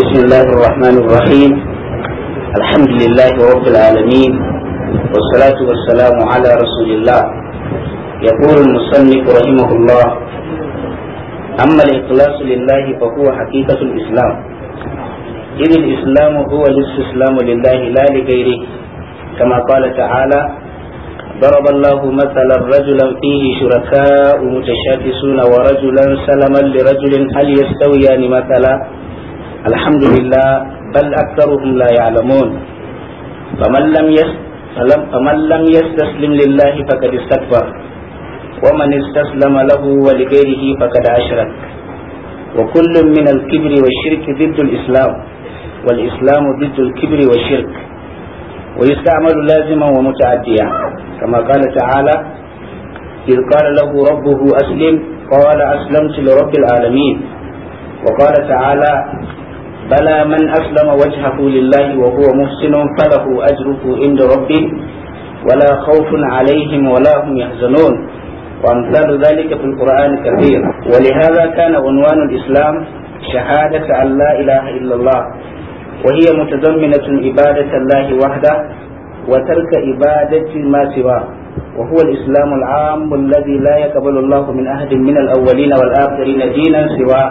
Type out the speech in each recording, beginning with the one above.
بسم الله الرحمن الرحيم الحمد لله رب العالمين والصلاة والسلام على رسول الله يقول المصنف رحمه الله أما الإخلاص لله فهو حقيقة الإسلام إذ الإسلام هو الاستسلام لله لا لغيره كما قال تعالى ضرب الله مثلا رجلا فيه شركاء متشاكسون ورجلا سلما لرجل هل يستويان مثلا الحمد لله بل أكثرهم لا يعلمون فمن لم فمن لم يستسلم لله فقد استكبر ومن استسلم له ولغيره فقد أشرك وكل من الكبر والشرك ضد الإسلام والإسلام ضد الكبر والشرك ويستعمل لازما ومتعديا كما قال تعالى إذ قال له ربه أسلم قال أسلمت لرب العالمين وقال تعالى بلى من أسلم وجهه لله وهو محسن فله أجره عند ربه ولا خوف عليهم ولا هم يحزنون وأمثال ذلك في القرآن كثير ولهذا كان عنوان الإسلام شهادة أن لا إله إلا الله وهي متضمنة عبادة الله وحده وترك عبادة ما سواه وهو الإسلام العام الذي لا يقبل الله من أحد من الأولين والآخرين دينا سواه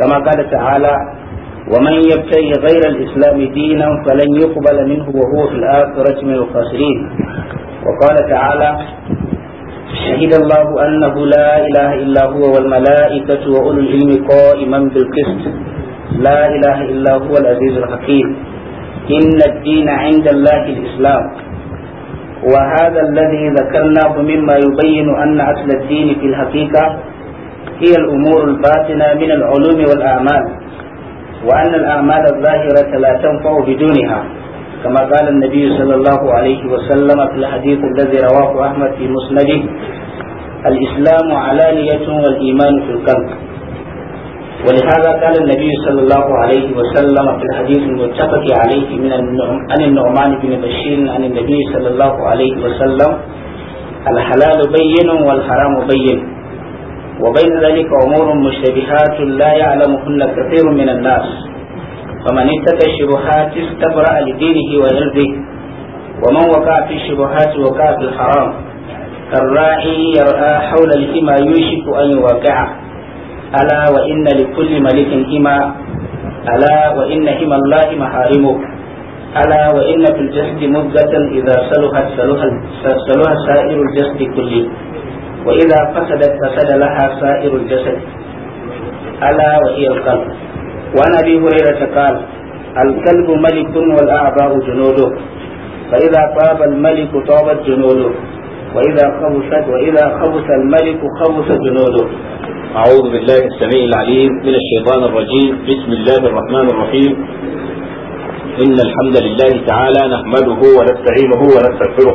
كما قال تعالى ومن يبتغي غير الإسلام دينا فلن يقبل منه وهو في الآخرة من الخاسرين وقال تعالى شهد الله أنه لا إله إلا هو والملائكة وأولو العلم قائما بالقسط لا إله إلا هو العزيز الحكيم إن الدين عند الله الإسلام وهذا الذي ذكرناه مما يبين أن أصل الدين في الحقيقة هي الأمور الباطنة من العلوم والأعمال وأن الأعمال الظاهرة لا تنفع بدونها كما قال النبي صلى الله عليه وسلم في الحديث الذي رواه أحمد في مسنده الإسلام علانية والإيمان في القلب ولهذا قال النبي صلى الله عليه وسلم في الحديث المتفق عليه من عن النعمان بن بشير عن النبي صلى الله عليه وسلم الحلال بين والحرام بين وبين ذلك أمور مشتبهات لا يعلمهن كثير من الناس فمن اتقى الشبهات استبرأ لدينه وعرضه ومن وقع في الشبهات وقع في الحرام كالراعي يرعى حول الحمى يوشك أن يوقعه ألا وإن لكل ملك حمى ألا وإن حمى الله محارمه ألا وإن في الجسد مدة إذا سلها سلها سائر الجسد كله وإذا فسدت فسد لها سائر الجسد ألا وهي القلب وعن أبي هريرة قال الكلب ملك والأعضاء جنوده فإذا طاب الملك طابت جنوده وإذا خبث وإذا خبث الملك خبث جنوده أعوذ بالله السميع العليم من الشيطان الرجيم بسم الله الرحمن الرحيم إن الحمد لله تعالى نحمده ونستعينه ونستغفره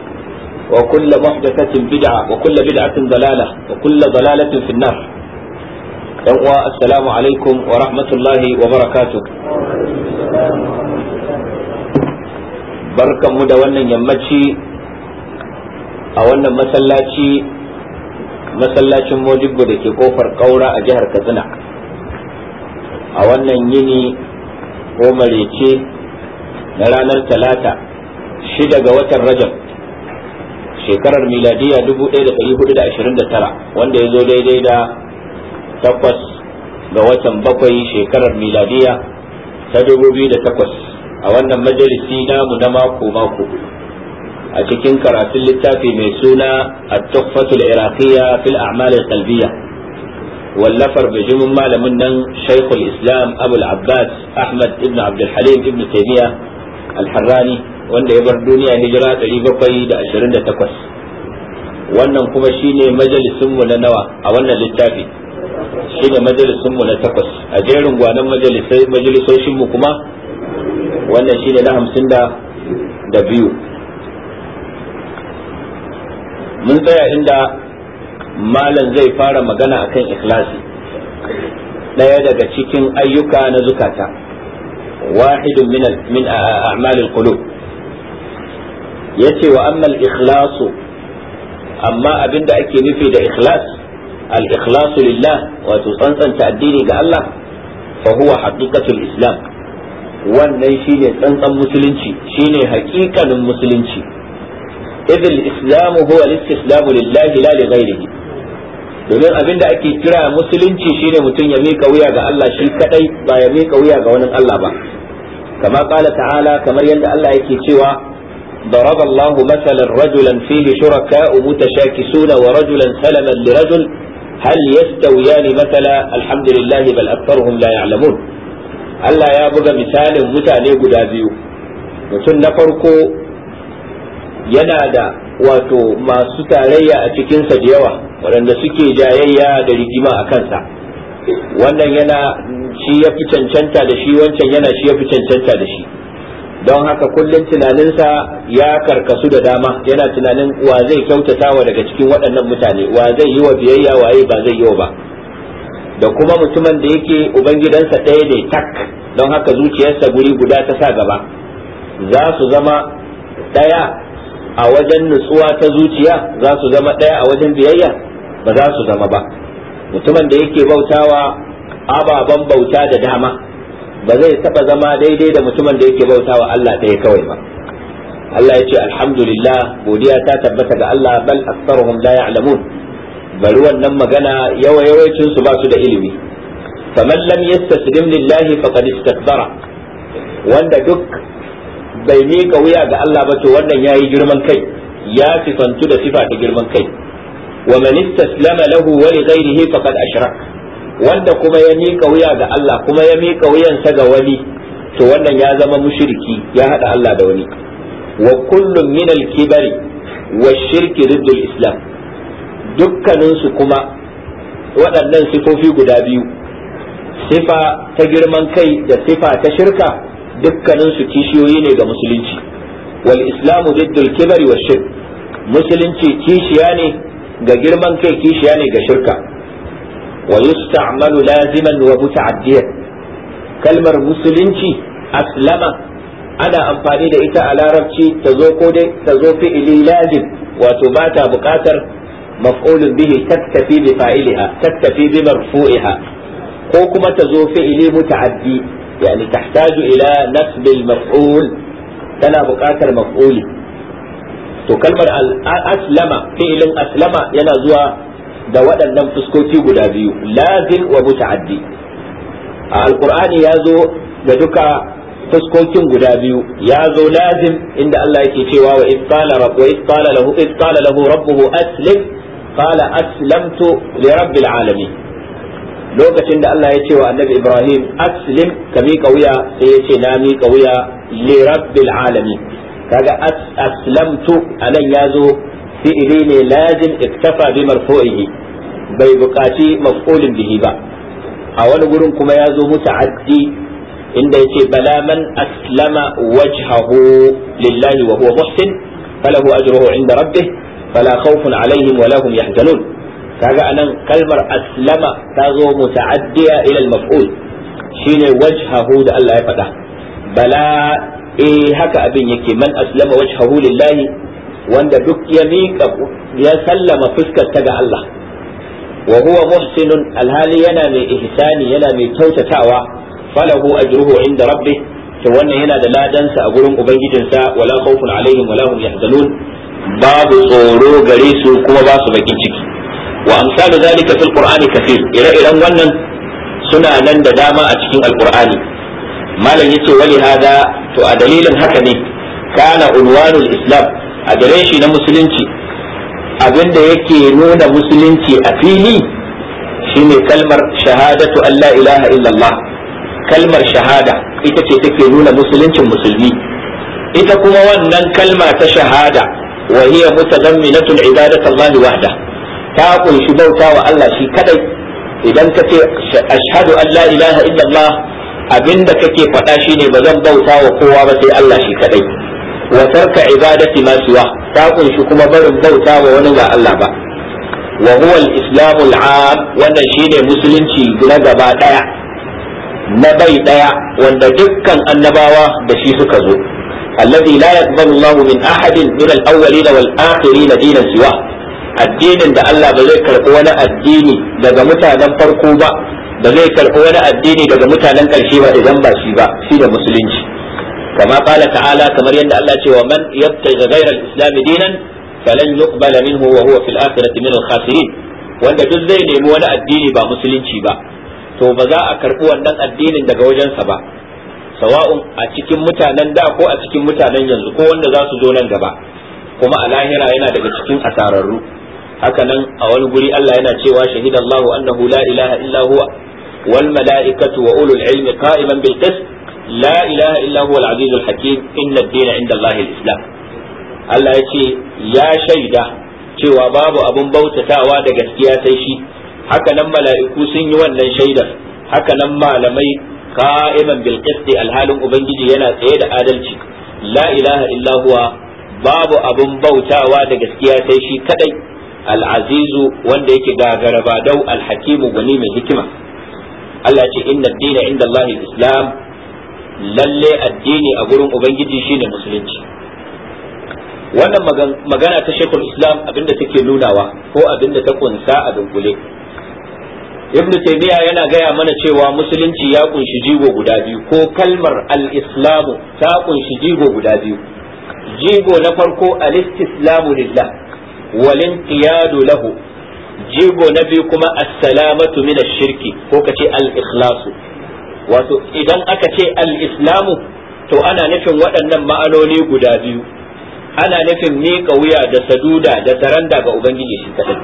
وكل محدثة بدعة وكل بدعة ضلالة وكل ضلالة في النار السلام عليكم ورحمة الله وبركاته barkanmu da wannan yammaci a wannan masallaci masallacin mojibbo da ke ƙofar ƙaura a jihar katsina a wannan yini ko marece na ranar talata shida ga watan rajab shekarar miladiya 1429 wanda ya zo daidai da takwas ga watan bakwai shekarar miladiya ta 2008 a wannan majalisi namu na mako-mako a cikin karatun littafi mai suna a tuhfatul iraqiyya fil a'mal qalbiyya wallafar bijimin malamin nan shaikhul islam abul abbas ahmad ibn abdul halim ibn taymiya al-harrani wanda ya bar duniya hijira 728 wannan kuma shine majalisin mu na nawa a wannan littafi shine majalisin mu na takwas a jerin gwanan majalisai majalisoshin mu kuma wannan shine na hamsin da biyu mun tsaya inda malam zai fara magana akan ikhlasi ɗaya daga cikin ayyuka na zukata wahidun min min a'malil qulub yace wa amma al amma abinda ake nufi da ikhlas al-ikhlas lillah wato tsantsanta addini ga Allah fa huwa haqiqatul islam wannan shine tsantsan musulunci shine haƙiƙanin musulunci idh islamu islam huwa al lillahi la li domin abin da ake kira musulunci shine mutum ya miƙa wuya ga Allah shi kadai ba ya miƙa wuya ga wani Allah ba kama kala ta'ala kamar yadda Allah yake cewa ضرب الله مثلا رجلا فيه شركاء متشاكسون ورجلا سلما لرجل هل يستويان مثلا الحمد لله بل أكثرهم لا يعلمون Allah ya buga misalin mutane guda biyu mutum na farko yana da wato masu tarayya a cikinsa da yawa waɗanda suke jayayya da rigima a kansa wannan yana shi ya fi cancanta da shi wancan yana shi ya fi cancanta da shi don haka kullum tunaninsa ya karkasu da dama yana tunanin wa zai kyautata wa daga cikin waɗannan mutane wa zai yi wa biyayya waye ba zai yi wa ba da kuma mutumin da yake ubangidansa ɗaya ne tak don haka zuciyarsa guri guda ta sa gaba za su zama ɗaya a wajen nutsuwa ta zuciya za su zama ɗaya a wajen biyayya ba za su zama ba mutumin da yake bautawa ababen bauta da dama ba zai taba zama daidai da mutumin da yake bautawa Allah ɗaya kawai ba Allah ya ce alhamdulillah godiya ta tabbata ga Allah bal aktsaruhum la ya'lamun bari wannan magana yawa yawancin su ba su da ilimi faman lam yastaslim lillahi faqad istakbara wanda duk bai mika wuya ga Allah ba to wannan yayi girman kai ya sifantu da sifa ta girman kai wa man istaslama lahu wa li ghayrihi faqad ashrak wanda kuma ya mika wuya ga Allah kuma ya mika wuyansa ga wani to wannan ya zama mushriki ya hada Allah da wani wa kullun min al-kibari wa shirki riddul islam dukkaninsu kuma waɗannan sifofi guda biyu sifa ta girman kai da sifa ta shirka dukkaninsu kishiyoyi ne ga musulunci wal islamu diddul kibari wa shirk musulunci kishiya ne ga girman kai kishiya ne ga shirka wa yusta'malu laziman wa muta'addiyan kalmar musulunci aslama ana amfani da ita a larabci ta zo ko dai ta zo fi'ili lazim wato ba ta buƙatar maf'ulun bihi taktafi bi fa'iliha taktafi bi marfu'iha ko kuma ta zo fi'ili muta'addi yani tahtaju ila nasbil maf'ul tana buƙatar maf'uli to kalmar aslama fi'ilin aslama yana zuwa da waɗannan fuskoki guda biyu lazim wa muta'addi a alqur'ani ya zo da duka fuskokin guda biyu ya zo lazim inda Allah yake cewa wa idh qala rabbu idh lahu idh lahu rabbuhu aslim qala aslamtu li rabbil alamin lokacin da Allah ya ce wa annabi Ibrahim aslim ka miƙa wuya sai ya ce na miƙa wuya li rabbil alamin kaga aslamtu anan yazo fi'ili ne lazim iktafa bi marfu'ihi bai buƙaci maf'ulin bihi ba a wani gurin kuma yazo muta'addi inda yace bala man aslama wajhahu lillahi wa huwa muhsin falahu ajruhu inda rabbih fala khawfun alaihim wa lahum yahzanun kaga anan kalmar aslama tazo muta'addiya ila al-maf'ul shine wajhahu da Allah ya faɗa bala eh haka abin yake man aslama wajhahu lillahi wanda duk ya miƙa ya sallama fuskar ta ga Allah wa huwa muhsinun alhali yana mai ihsani yana mai kyautatawa falahu ajruhu inda rabbih to wannan yana da ladansa a gurin ubangijinsa wala khawfun alaihim wala hum yahzanun babu tsoro gare su kuma ba su bakin ciki wa amsalu zalika fil qur'ani kathir ire-iren wannan suna nan da dama a cikin alqur'ani malam yace wali hada to a dalilin haka ne kana ulwanul islam a gare shi na musulunci abinda yake nuna musulunci a fili shine kalmar shahadatu alla ilaha illallah kalmar shahada ita ce take nuna musuluncin musulmi ita kuma wannan kalma ta shahada wa hiya mutadamminatul ibadatu Allah wahda ta kunshi bauta wa Allah shi kadai idan ka ce ashhadu an la ilaha illallah abinda kake faɗa shine ba zan bauta wa kowa ba sai Allah shi kaɗai. wa tarka ibadati ma siwa ta kunshi kuma barin bauta wa wani ga Allah ba wa huwa al-islam al-am wannan shine musulunci na gaba daya na bai daya wanda dukkan annabawa da shi suka zo الذي لا min الله من أحد da الأولين na دينا سواه addinin da Allah ba zai karɓi wani addini daga mutanen farko ba ba zai karɓi wani addini daga mutanen ƙarshe ba idan ba shi ba shi da musulunci kama qala ta'ala kamar yadda Allah ce wa man yabtaghi ghayra al-islam dinan falan yuqbala minhu wa huwa fil akhirati min al-khasirin wanda duk zai nemi wani addini ba musulunci ba to ba za a karɓi wannan addinin daga wajensa ba sawa'un a cikin mutanen da ko a cikin mutanen yanzu ko wanda za su zo nan gaba kuma a lahira yana daga cikin asararru haka nan a wani guri Allah yana cewa shahidallahu annahu la ilaha illa huwa wal mala'ikatu wa ulul ilmi qa'iman bil qist la ilaha illa huwa al aziz al hakim inda Allah Allah ce ya shaida cewa babu abun bautatawa da gaskiya sai shi haka nan mala'iku sun yi wannan shaidar hakanan malamai qa'iman bil qist alhalin ubangiji yana tsaye da adalci la ilaha illa huwa babu abun bautawa da gaskiya sai shi kadai al'azizu wanda yake ga ba dau alhakimu gani mai hikima Allah ce inna dina inda Allah islam lalle addini a gurin ubangiji shine musulunci wannan magana ta shekul islam abinda take nunawa ko abinda ta kunsa a dunkule ibnu taymiya yana gaya mana cewa musulunci ya kunshi jigo guda biyu ko kalmar al-islamu ta kunshi jigo guda biyu jigo na farko al-istislamu lillah wal inqiyadu lahu jigo na biyu kuma assalamatu salamatu min ash-shirki ko kace al-ikhlasu wato idan aka ce al-islamu to ana nufin waɗannan ma'anoni guda biyu ana nufin miƙa wuya da saduda da saranda ga ubangiji shi kadai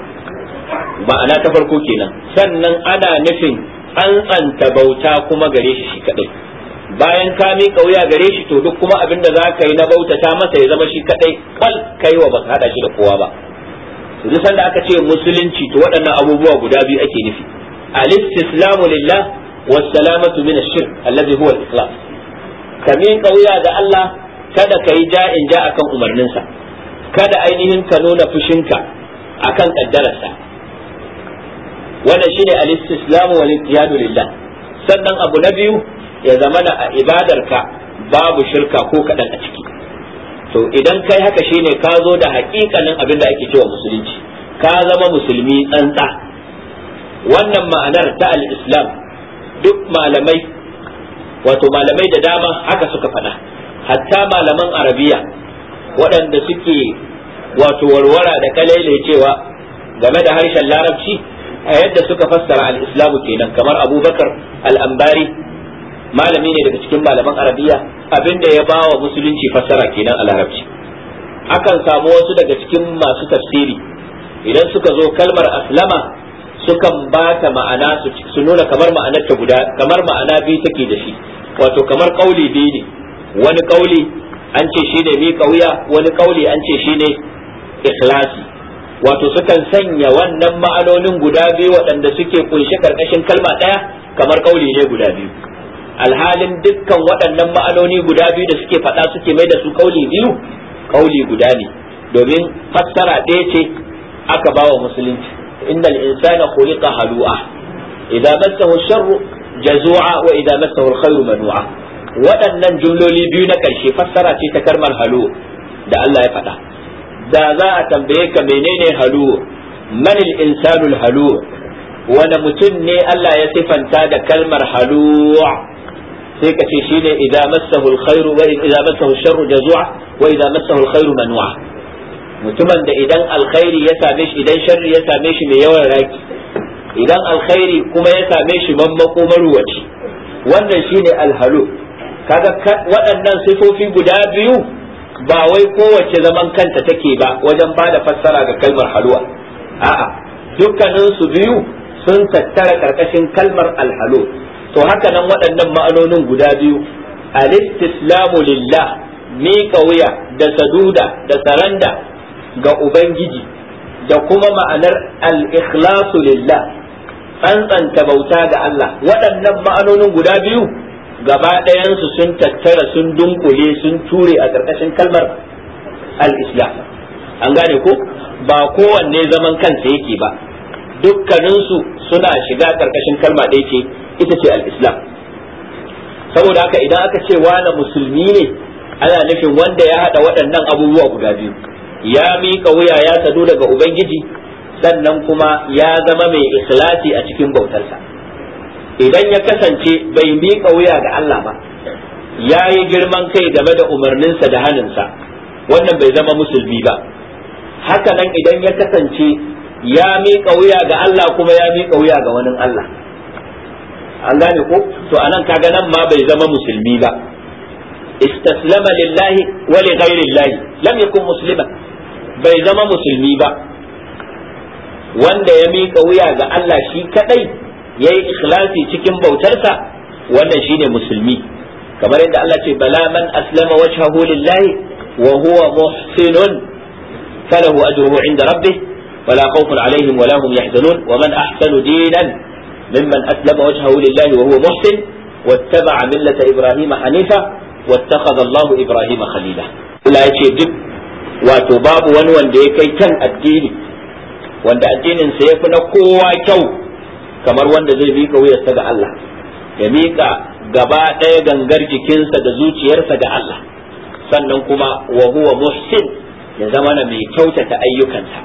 ma'ana ta farko kenan sannan ana nufin tsantsanta bauta kuma gare shi shi kadai bayan ka miƙa wuya gare shi to duk kuma abin da za ka yi na bautata masa ya zama shi kadai kal kaiwa wa ba ka hada shi da kowa ba to duk sanda aka ce musulunci to waɗannan abubuwa guda biyu ake nufi al-istislamu lillah wa salamatu min ash-shirk alladhi huwa al ikhlas kamin kauya ga Allah kada kai ja'in ja akan umarninsa kada ainihin ka nuna fushinka akan kaddararsa wannan shine al-istislamu wal-iqtiyadu lillah sannan abu na biyu ya zamana a ibadarka babu shirka ko kadan a ciki to idan kai haka shine ka zo da hakikanin abin da ake cewa musulunci ka zama musulmi tsantsa wannan ma'anar ta al-islam duk malamai wato malamai da dama haka suka faɗa hatta malaman arabiya waɗanda suke wato warwara da kalaile cewa game da harshen larabci a yadda suka fassara al-islamu kenan kamar abubakar al-ambari malami ne daga cikin malaman arabiya abinda ya bawa musulunci fassara kenan a larabci akan samu wasu daga cikin masu tafsiri idan suka zo kalmar aslama sukan ba ta ma'ana su nuna kamar ma'anar ta guda kamar ma'ana biyu take da shi wato kamar kauli biyu ne wani kauli an ce shi ne mi kauya wani kauli an ce shi ne ikhlasi wato sukan sanya wannan ma'anonin guda biyu waɗanda suke kunshe karkashin kalma ɗaya kamar kauli ne guda biyu alhalin dukkan waɗannan ma'anoni guda biyu da suke faɗa suke mai da su kauli biyu kauli guda ne domin fassara ɗaya ce aka ba wa musulunci innal insana khuliqa halu'a idza massahu sharru jazu'a wa idza massahu alkhairu manu'a waɗannan jumloli biyu na ƙarshe fassara ce ta karmar halu da Allah ya faɗa da za a tambaye ka menene halu man insanul halu wani mutum ne Allah ya sifanta da kalmar halu sai ka ce shine idan massahu alkhairu wa idza massahu sharru jazua wa idza massahu alkhairu manwa mutumin da idan alkhairi ya same shi idan sharri ya same shi mai yawan raki idan alkhairi kuma ya same shi mammako maruwaci wannan shine alhalu kaga waɗannan sifofi guda biyu ba wai kowace zaman kanta take ba wajen ba da fassara ga kalmar halwa a'a dukkanin su biyu sun tattara karkashin kalmar alhalu to haka nan waɗannan ma'anonin guda biyu alistislamu lillah miƙa wuya da saduda da saranda ga ubangiji da kuma ma'anar al-ikhlasu lillah tsantsanta bauta ga Allah waɗannan ma'anonin guda biyu gaba ɗayansu sun tattara sun dunkule sun ture a ƙarƙashin kalmar al-islam an gane ko ba kowanne zaman kansa yake ba dukkaninsu suna shiga ƙarƙashin kalma ɗaya ce ita ce al-islam saboda haka idan aka ce wani musulmi ne ana nufin wanda ya haɗa waɗannan abubuwa guda biyu ya miƙa wuya ya sadu daga ubangiji sannan kuma ya zama mai ikhlasi a cikin bautarsa idan ya kasance bai miƙa wuya ga Allah ba ya yi girman kai game da umarninsa da haninsa wannan bai zama musulmi ba haka nan idan ya kasance ya miƙa wuya ga Allah kuma ya miƙa wuya ga wani Allah an gane ko to anan kaga nan ma bai zama musulmi ba istaslama lillahi wa li ghairillahi lam yakun muslima bai zama musulmi ba wanda ya miƙa wuya ga Allah shi kadai yayi ikhlasi cikin bautarsa wannan shine musulmi kamar yadda Allah ce bala man aslama wajhahu lillahi wa huwa muhsinun falahu ajruhu inda rabbih ولا خوف wala hum هم wa man أحسن dinan. ممن أسلم وجهه لله وهو محسن واتبع ملة إبراهيم حنيفا واتخذ الله إبراهيم خليلا ce duk wato babu wani wanda ya kai kan addini wanda addinin sa yafi na kowa kyau kamar wanda zai miƙa wuyarsa ga Allah ya miƙa gaba ɗaya gangar jikinsa da zuciyarsa ga Allah sannan kuma wa huwa muhsin ya zama na mai kyautata ayyukansa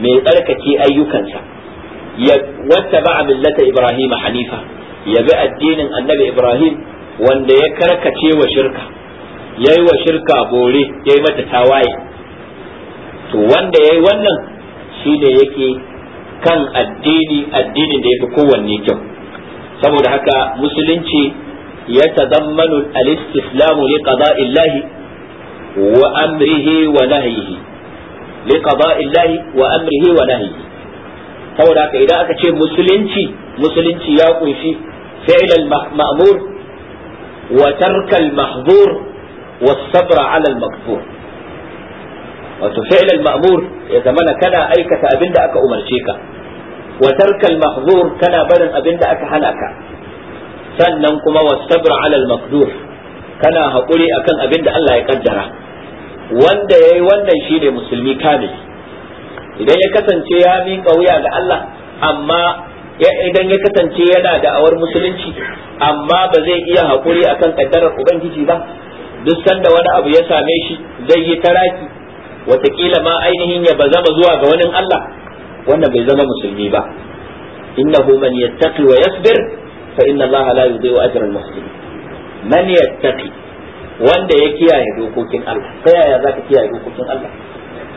mai tsarkake ayyukansa ya wattaba millata ibrahim hanifa ya bi addinin annabi ibrahim wanda ya karkacewa wa shirka yayi wa shirka bore yayi mata tawaye to wanda yayi wannan shine yake kan addini addinin da yafi kowanne kyau saboda haka musulunci ya tazammanu al-istislamu li qada'illahi wa amrihi wa nahyihi li qada'illahi wa amrihi wa nahyihi saboda haka idan aka ce musulunci musulunci ya kunshi fi'l al-ma'mur wa tark al-mahzur wa sabr 'ala al wato fi'l al-ma'mur ya zamana kana aikata abinda aka umarce ka wa tark al-mahzur kana barin abinda aka hana ka sannan kuma wa sabr 'ala al-makdur kana hakuri akan abinda Allah ya kaddara wanda yayi wannan shine musulmi kamil idan ya kasance ya miƙa wuya ga Allah amma idan ya kasance yana da awar musulunci amma ba zai iya haƙuri akan kaddarar ubangiji ba duk sanda wani abu ya same shi zai yi taraki watakila ma ainihin ya bazama zuwa ga wani Allah wannan bai zama musulmi ba innahu man yattaqi wa yasbir fa inna Allah la yudhi'u ajra al-muhsinin man yattaqi wanda ya kiyaye dokokin Allah ta yaya zaka kiyaye dokokin Allah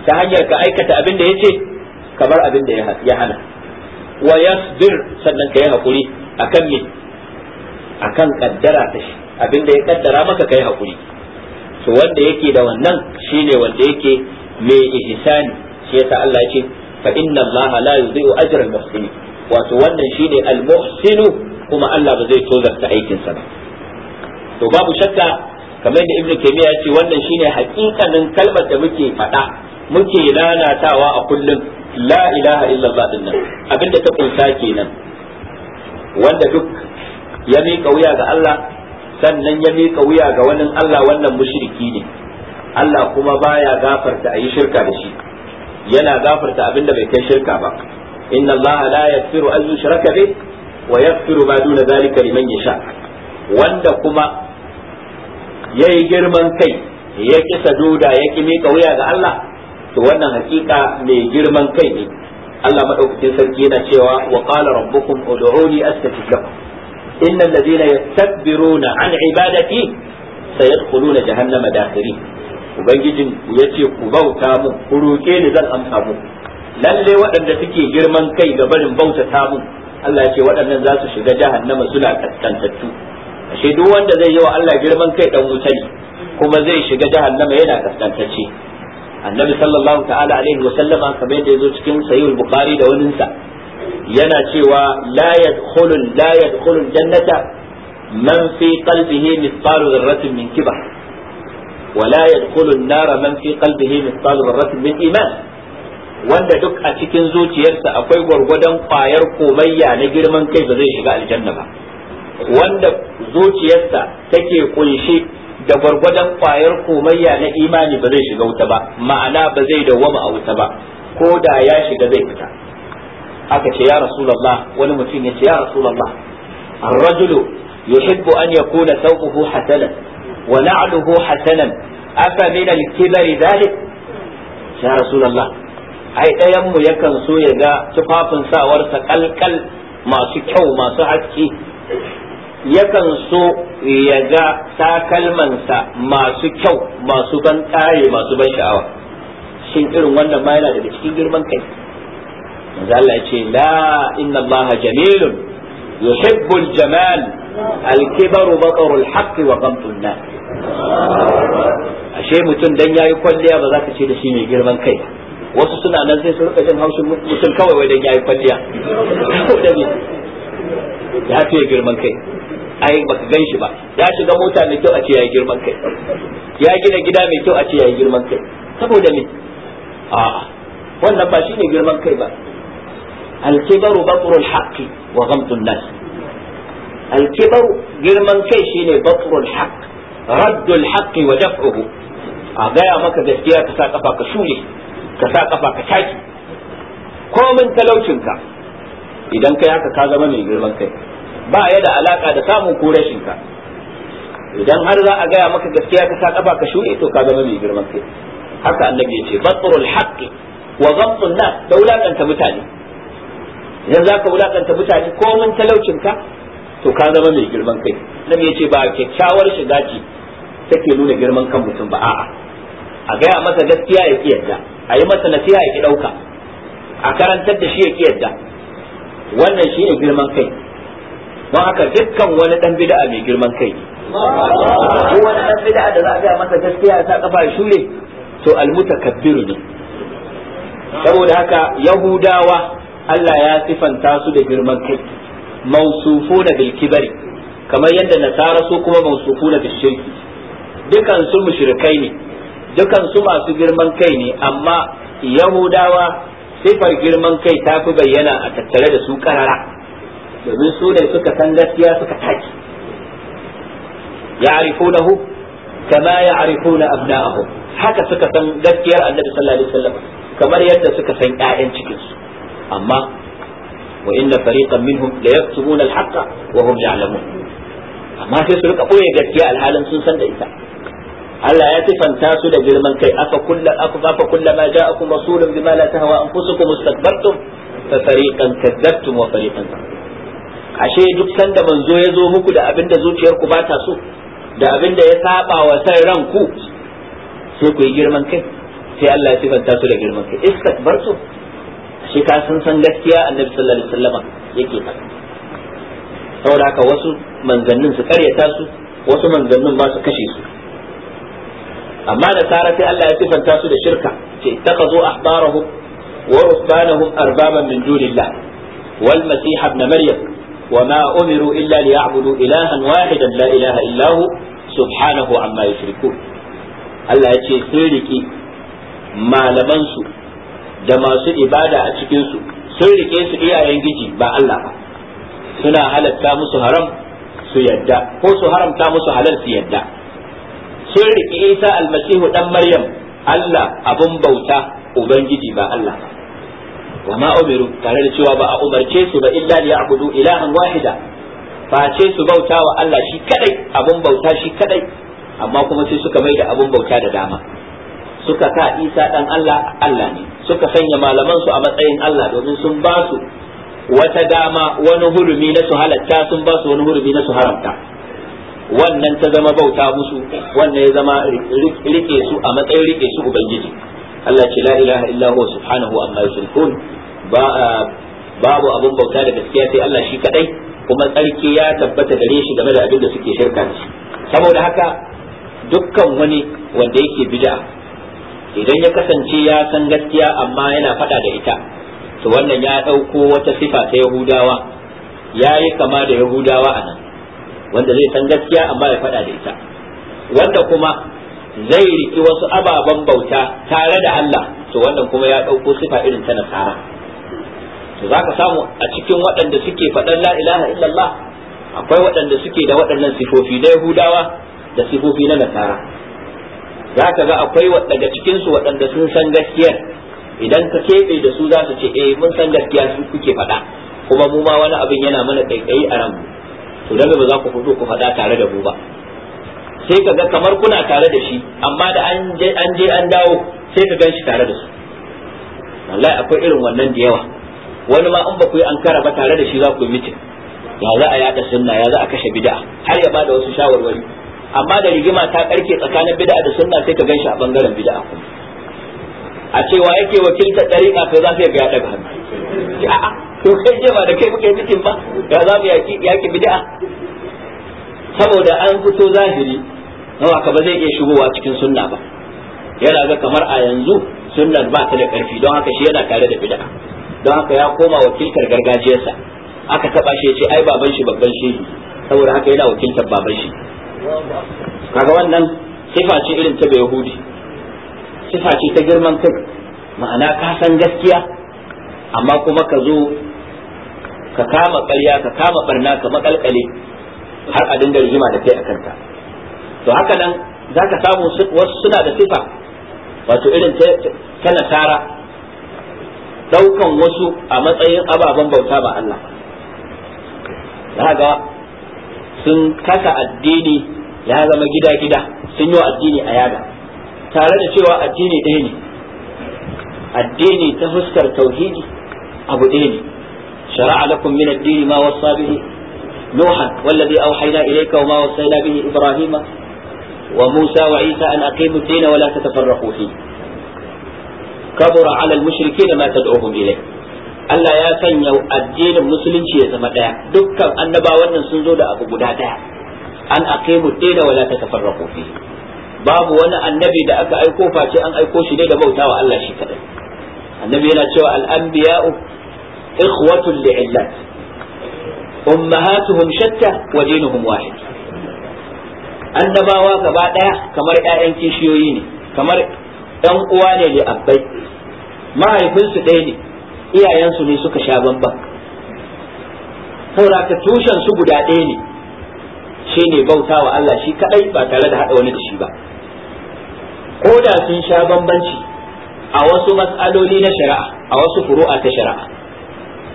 ta hanyar ka aikata abin da yace kamar abin da ya hana wa yasbir sannan ka yi hakuri akan me akan kaddara ta shi abin da ya kaddara maka yi hakuri to wanda yake da wannan shine wanda yake mai ihsani shi yasa Allah ya ce fa inna Allah la yudhi'u ajra al-muhsinin wato wannan shine al-muhsinu kuma Allah ba zai tozarta aikinsa ba to babu shakka kamar da ibnu taymiya ya ce wannan shine hakikanin kalmar da muke faɗa muke lalatawa a kullum la ilaha illallah din nan abinda ta kunsa kenan wanda duk ya miƙa wuya ga Allah sannan ya miƙa wuya ga wani Allah wannan mushriki ne Allah kuma baya gafarta a yi shirka da shi yana gafarta abinda bai kai shirka ba inna Allah la yaghfiru an yushraka bih wa yaghfiru ma duna zalika liman yasha wanda kuma yayi girman kai ya kisa doda ya ƙi miƙa wuya ga Allah to wannan hakika mai girman kai ne Allah madaukakin sarki yana cewa wa qala rabbukum ud'uni astajib lakum innal ladina yastakbiruna an ibadati sayadkhuluna jahannama dakhirin ubangijin yace ku bauta mu ku roke ni zan amsa mu lalle waɗanda suke girman kai ga barin bautata mu Allah yace waɗannan za su shiga jahannama suna kaskantattu ashe duk wanda zai yi wa Allah girman kai dan wuta kuma zai shiga jahannama yana kaskantacce annabi sallallahu ta'ala alaihi wa sallama kamar yadda yazo cikin sahih bukhari da wani sa yana cewa la yadkhulu la yadkhulu jannata man fi qalbihi mithqalu dharratin min kibar wa la yadkhulu an-nar man fi qalbihi mithqalu dharratin min iman wanda duk a cikin zuciyarsa akwai gwargwadon kwayar komayya na girman kai ba zai shiga aljanna ba wanda zuciyarsa take kunshi. da gwargwadon kwayar komayya na imani ba zai shiga wuta ba ma'ana ba zai dawwama a wuta ba ko da ya shiga zai fita aka ce ya rasulullah wani mutum ya ce ya rasulullah ar-rajulu yuhibbu an yakuna sawquhu hasanan wa na'luhu hasanan afa min al-kibri dhalik ya rasulullah ai ɗayan mu yakan so ya ga tufafin sawarsa kalkal masu kyau masu haske yakan so ya ga takalmansa masu kyau masu ban ƙaye masu ban sha'awa shin irin wannan ma yana daga cikin girman kai manzo Allah ce la inna Allah jamilun yuhibbul jamal al-kibaru batarul haqqi wa qamtun ashe mutum dan yayi kwalliya ba za ka ce da shi mai girman kai wasu suna nan sai su rika jin haushin mutum kawai wai dan yayi kwalliya ya fiye girman kai ai ka gan shi ba ya shiga mota mai kyau a ce ya yi girman kai ya gina gida mai kyau a ce ya yi girman kai saboda me a wannan ba shine girman kai ba al-kibaru batrul haqqi wa ghamtun nas al-kibaru girman kai shine batrul haqq raddul haqqi wa daf'uhu a gaya maka gaskiya ka sa kafa ka shule ka sa kafa ka taki komin talaucinka idan kai haka ka zama mai girman kai ba ya da alaka da samun ko rashin ka idan har za a gaya maka gaskiya ka sa kafa ka shuri to ka zama mai girman kai haka annabi yace batrul haqqi wa ghamtun nas da wulakanta mutane idan za ka wulakanta mutane ko mun talaucin ka to ka zama mai girman kai annabi yace ce ba kyakkyawar shiga ce take nuna girman kan mutum ba a'a a gaya masa gaskiya ya ki yadda a yi masa nasiha ya ki ɗauka a karantar da shi ya ki yadda wannan shi ne girman kai don haka dukkan wani dan bid'a mai girman kai ko wani dan bid'a da za a ga masa gaskiya ta sa kafa ya shure to almutakabbir ne saboda haka yahudawa Allah ya sifanta su da girman kai mausufuna bil kibari kamar yadda nasara su kuma mausufuna bil shirki dukan su mushrikai ne dukan su masu girman kai ne amma yahudawa sifar girman kai ta fi bayyana a tattare da su karara domin su ne suka san gaskiya suka taki Ya hu. kama ya ya'rifuna abna'ahum haka suka san gaskiyar annabi sallallahu alaihi wasallam kamar yadda suka san ƴaƴan cikinsu. amma wa inna fariqan minhum la yaktumuna al-haqqa wa hum ya'lamun amma sai su rika koyi gaskiya alhalin sun san da ita Allah ya sifanta su da girman kai afa kullu afa kullu ma ja'akum rasulun bima la tahwa anfusukum istakbartum fa fariqan kadzabtum wa fariqan ashe duk sanda manzo ya zo muku da abin da zuciyarku ba ta so da abin da ya saba wa san ranku sai ku yi girman kai sai Allah ya sifanta su da girman kai istakbartu shi ka san san gaskiya annabi sallallahu alaihi wasallama yake ta, saboda haka wasu manzannin su karyata su wasu manzannin ba su kashe su amma da tsara sai Allah ya sifanta su da shirka ce takazo ahbarahum wa ruhbanahum arbaban min dunillah wal masih ibn maryam وما أمروا إلا ليعبدوا إلها واحدا لا إله إلا هو سبحانه عما يشركون الله يتي سيركي ما لمنسو da masu ibada a cikinsu sun riƙe su iyayen giji ba Allah ba suna halatta musu haram su yadda ko su haramta musu halal su yadda sun rike Isa almasihu dan Maryam Allah abun bauta ubangiji ba Allah wa ma umiru tare da cewa ba a umarce su ba illa li ya'budu ilahan wahida ba ce su bauta wa Allah shi kadai abun bauta shi kadai amma kuma sai suka mai da abun bauta da dama suka sa Isa dan Allah Allah ne suka sanya malaman su a matsayin Allah domin sun ba su wata dama wani hurumi na su halatta sun ba su wani hurumi na su haramta wannan ta zama bauta musu wannan ya zama rike su a matsayin rike su ubangiji Allah ce la ilaha illa huwa subhanahu amma yushrikun ba babu abun bauta da gaskiya sai Allah shi kadai kuma tsarki ya tabbata gare shi game da abin da suke shirka da shi saboda haka dukkan wani wanda yake bid'a idan ya kasance ya san gaskiya amma yana fada da ita to wannan ya dauko wata sifa ta yahudawa yayi kama da yahudawa a wanda zai san gaskiya amma ya fada da ita wanda kuma zai riki wasu ababen bauta tare da Allah to wannan kuma ya ɗauko sifa irin ta nasara to zaka samu a cikin waɗanda suke faɗan la ilaha illallah akwai waɗanda suke da waɗannan sifofi da Yahudawa da sifofi na nasara zaka ga akwai daga cikin su waɗanda sun san gaskiyar idan ka keɓe da su za su ce eh mun san gaskiya su kuke faɗa kuma mu ma wani abin yana mana kaikayi a mu to dan ba za ku fito ku faɗa tare da mu ba sai ka ga kamar kuna tare da shi amma da an je an dawo sai ka ganshi tare da su wallahi akwai irin wannan da yawa wani ma in ba ku yi an kara ba tare da shi za ku yi mitin ya za a yada sunna ya za a kashe bid'a har ya bada wasu shawarwari amma da rigima ta karke tsakanin bid'a da sunna sai ka ganshi a bangaren bid'a kuma a cewa yake wakilta dariƙa to za ka ga ya daga hannu a'a to kai je ba da kai muke mitin ba ya za mu yaki yaki bid'a saboda an fito zahiri don haka ba zai iya shigowa cikin sunna ba yana ga kamar a yanzu sunnan ba ta da karfi don haka shi yana tare da bid'a don haka ya koma wakiltar gargajiyarsa aka taba shi ya ce ai baban shi babban ne." saboda haka yana wakiltar baban shi kaga wannan sifa ce irin ta yahudi sifa ce ta girman kai ma'ana ka san gaskiya amma kuma ka zo ka kama ƙarya ka kama barna ka makalkale har a dinga rigima da kai a kanta to haka nan zaka samu wasu suna da sifa wato irin ta nasara daukan wasu a matsayin ababen bauta ba Allah ga sun kasa addini ya zama gida-gida sun yi addini a yada tare da cewa addini ɗaya ne addini ta fuskar tauhidi abu ɗaya ne shara'a lakum min addini ma wasa bihi nuhan wallazi awhayna ilayka wa ma wasayna bihi ibrahima وموسى وعيسى أن أقيموا الدين ولا تتفرقوا فيه كبر على المشركين ما تدعوهم إليه Allah ya sanya addinin musulunci ya zama ɗaya dukkan annabawan nan sun zo da abu guda ɗaya an ake aqimu dina wala tatafarraqu fi babu wani annabi da aka aiko face an aiko shi ne da bauta wa Allah shi kaɗai. annabi yana cewa al anbiya'u ikhwatul li'illat ummahatuhum shatta wa dinuhum wahid annabawa gaba daya kamar ƴaƴan kishiyoyi ne kamar ɗan uwa ne da abbai mahaifinsu ɗaya ne iyayensu ne suka sha bamban saboda tushen su guda ɗaya ne ne bauta wa Allah shi kaɗai ba tare da haɗa wani da shi ba ko da sun sha bambanci a wasu matsaloli na shari'a a wasu furu'a ta shari'a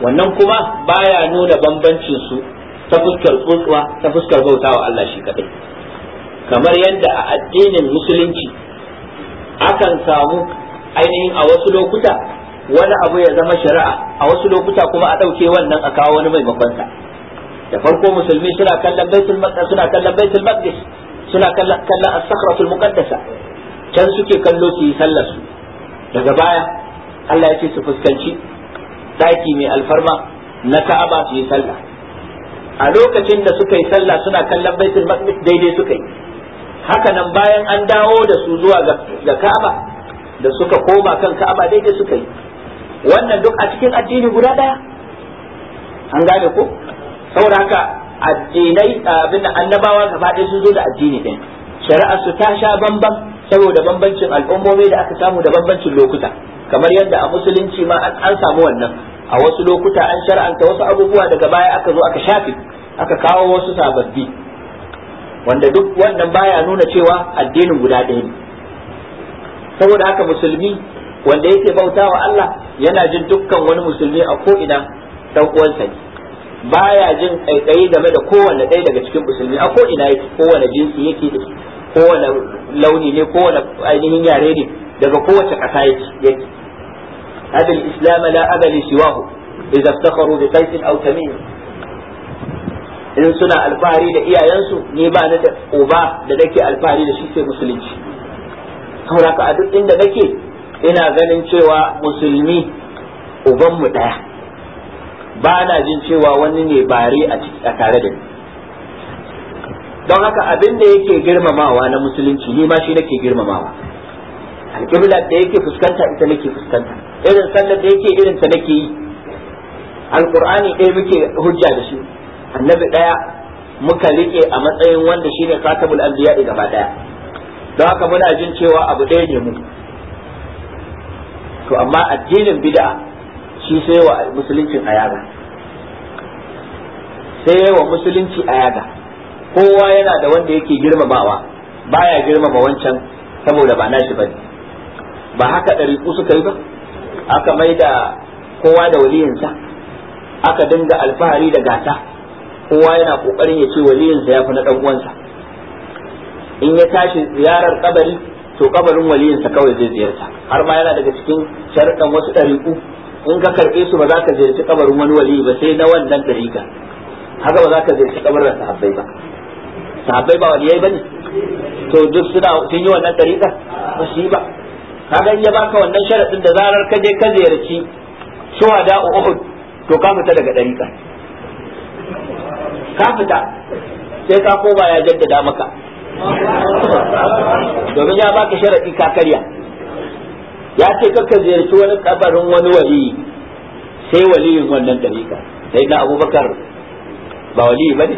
wannan kuma baya nuna bambancin su ta fuskar tsotsuwa ta fuskar bauta Allah shi kaɗai. kamar yadda a addinin musulunci akan samu ainihin a wasu lokuta wani abu ya zama shari'a a wasu lokuta kuma a ɗauke wannan a kawo wani maimakonsa da farko musulmi suna kallon baitul maqdis suna kallon baitul maqdis suna kallon as-sakratul muqaddasa can suke kallo su yi sallar su daga baya Allah ya ce su fuskanci daki mai alfarma na Ka'aba su yi sallah a lokacin da suka yi sallah suna kallon baitul maqdis daidai suka yi haka nan bayan an dawo da su zuwa ga Ka'aba da suka koma kan Ka'aba daidai suka yi wannan duk a cikin addini guda daya an gane ko saboda haka addinai abin da annabawa gaba ɗaya sun zo da addini ɗin shari'ar su ta sha bamban saboda bambancin al'ummomi da aka samu da bambancin lokuta kamar yadda a musulunci ma an samu wannan a wasu lokuta an shar'anta wasu abubuwa daga baya aka zo aka shafi aka kawo wasu sababbi wanda duk wannan baya nuna cewa addinin guda ɗaya ne saboda haka musulmi wanda yake bautawa Allah yana jin dukkan wani musulmi a ko ina dan uwansa ne baya jin kaikayi game da kowanne ɗaya daga cikin musulmi a ko ina yake kowanne jinsi yake da kowanne launi ne kowanne ainihin yare ne daga kowace ƙasa yake islam la لا siwahu idza إذا bi بقيس aw تميم in suna alfahari da iyayensu ni ba ni da uba da nake alfahari da shi sai musulunci saboda a duk inda nake ina ganin cewa musulmi ubanmu ɗaya ba na jin cewa wani ne bare a tare da ni don haka abin da yake girmamawa na musulunci ni ma shi nake girmamawa alƙibla da yake fuskanta ita nake fuskanta irin sallar da yake irin ta nake yi alƙur'ani ɗaya muke hujja da shi annabi ɗaya muka riƙe a matsayin wanda shine katabul anbiya gaba daya don haka muna jin cewa abu ɗaya ne mu to amma addinin bid'a shi sai wa musuluncin ayaga sai wa musulunci ayaga kowa yana da wanda yake girmamawa baya girmama wancan saboda ba nashi bane ba haka ku suka yi ba aka mai da kowa da waliyinsa aka dinga alfahari da gata kowa yana kokarin ya ce waliyinsa ya fi na dan uwansa in ya tashi ziyarar kabari to kabarin waliyinsa kawai zai ziyarta har ma yana daga cikin sharɗan wasu ɗariƙu in ka karɓe su ba za ka ziyarci kabarin wani waliyi ba sai na wannan ɗariƙa haka ba za ka ziyarci kabarin sahabbai ba sahabbai ba waliyai ba ne to duk suna sun yi wannan ɗariƙa ba su yi ba kaga in ya baka wannan sharaɗin da zarar ka je ka ziyarci shuhada Uhud to ka fita daga ɗariƙa ka fita sai ka koma ya jaddada maka domin ya baka sharadi ka karya ya ce kakka ziyarci wani kabarin wani wali sai waliyin wannan dariƙa sai na abubakar ba wali ba ne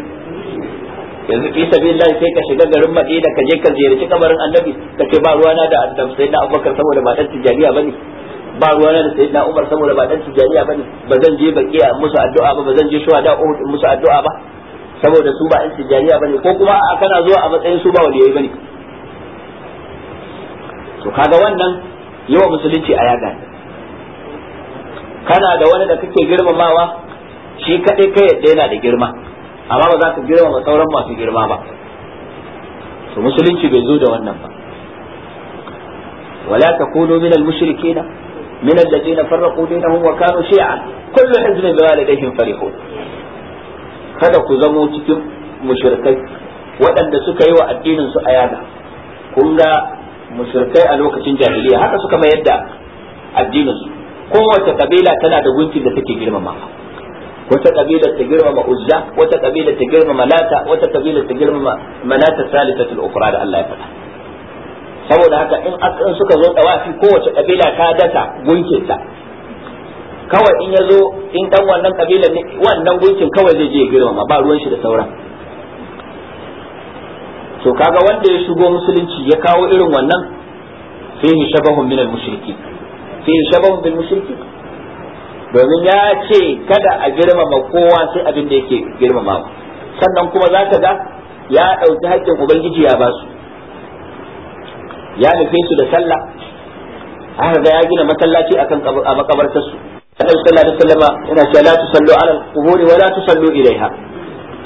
yanzu fi sabilillah sai ka shiga garin Madina ka je ka ziyarci kabarin Annabi ka ce ba ruwana da adam sai na Abubakar saboda ba dan tijariya bane ba ruwana da Sayyidina Umar saboda ba dan tijariya bane ba zan je baki a musu addu'a ba ba zan je shuhada Uhud musu addu'a ba saboda su ba in ba bane ko kuma a kana zuwa a matsayin su ba waliyai bane to kaga wannan yawa musulunci a yaga kana da wani da kake girmamawa shi kadai kai yadda yana da girma amma ba za ka girmama sauran masu girma ba to musulunci bai zo da wannan ba Wala ولا min al المشركين min alladheena farraqu dinahum wa kanu كل kullu hizbin zalika ko. kada ku zamo cikin mushrikai waɗanda suka yi wa addininsu su ayana kun ga mushrikai a lokacin jahiliya haka suka mayar da addininsu. kowace kabila tana da gunkin da take girmama wata kabila ta girmama uzza wata kabila ta girmama lata wata kabila ta girmama manata salisatul ukra da Allah ya faɗa saboda haka in suka zo dawafi kowace kabila ta dasa gunkinta kawai in ya zo in dan wannan kabila ne wannan gunkin kawai zai je girmama ba ruwan shi da sauran to kaga wanda ya shigo musulunci ya kawo irin wannan fihi shabahun minal mushriki fihi shabahun bil mushriki domin ya ce kada a girmama kowa sai abin da yake girmama sannan kuma za ka ga ya ɗauki haƙƙin ubangiji ya basu ya nufe su da sallah har ga ya gina masallaci akan a makabartarsu annabi sallallahu alaihi wasallam yana cewa la tusallu ala al-qubur wa la tusallu ilaiha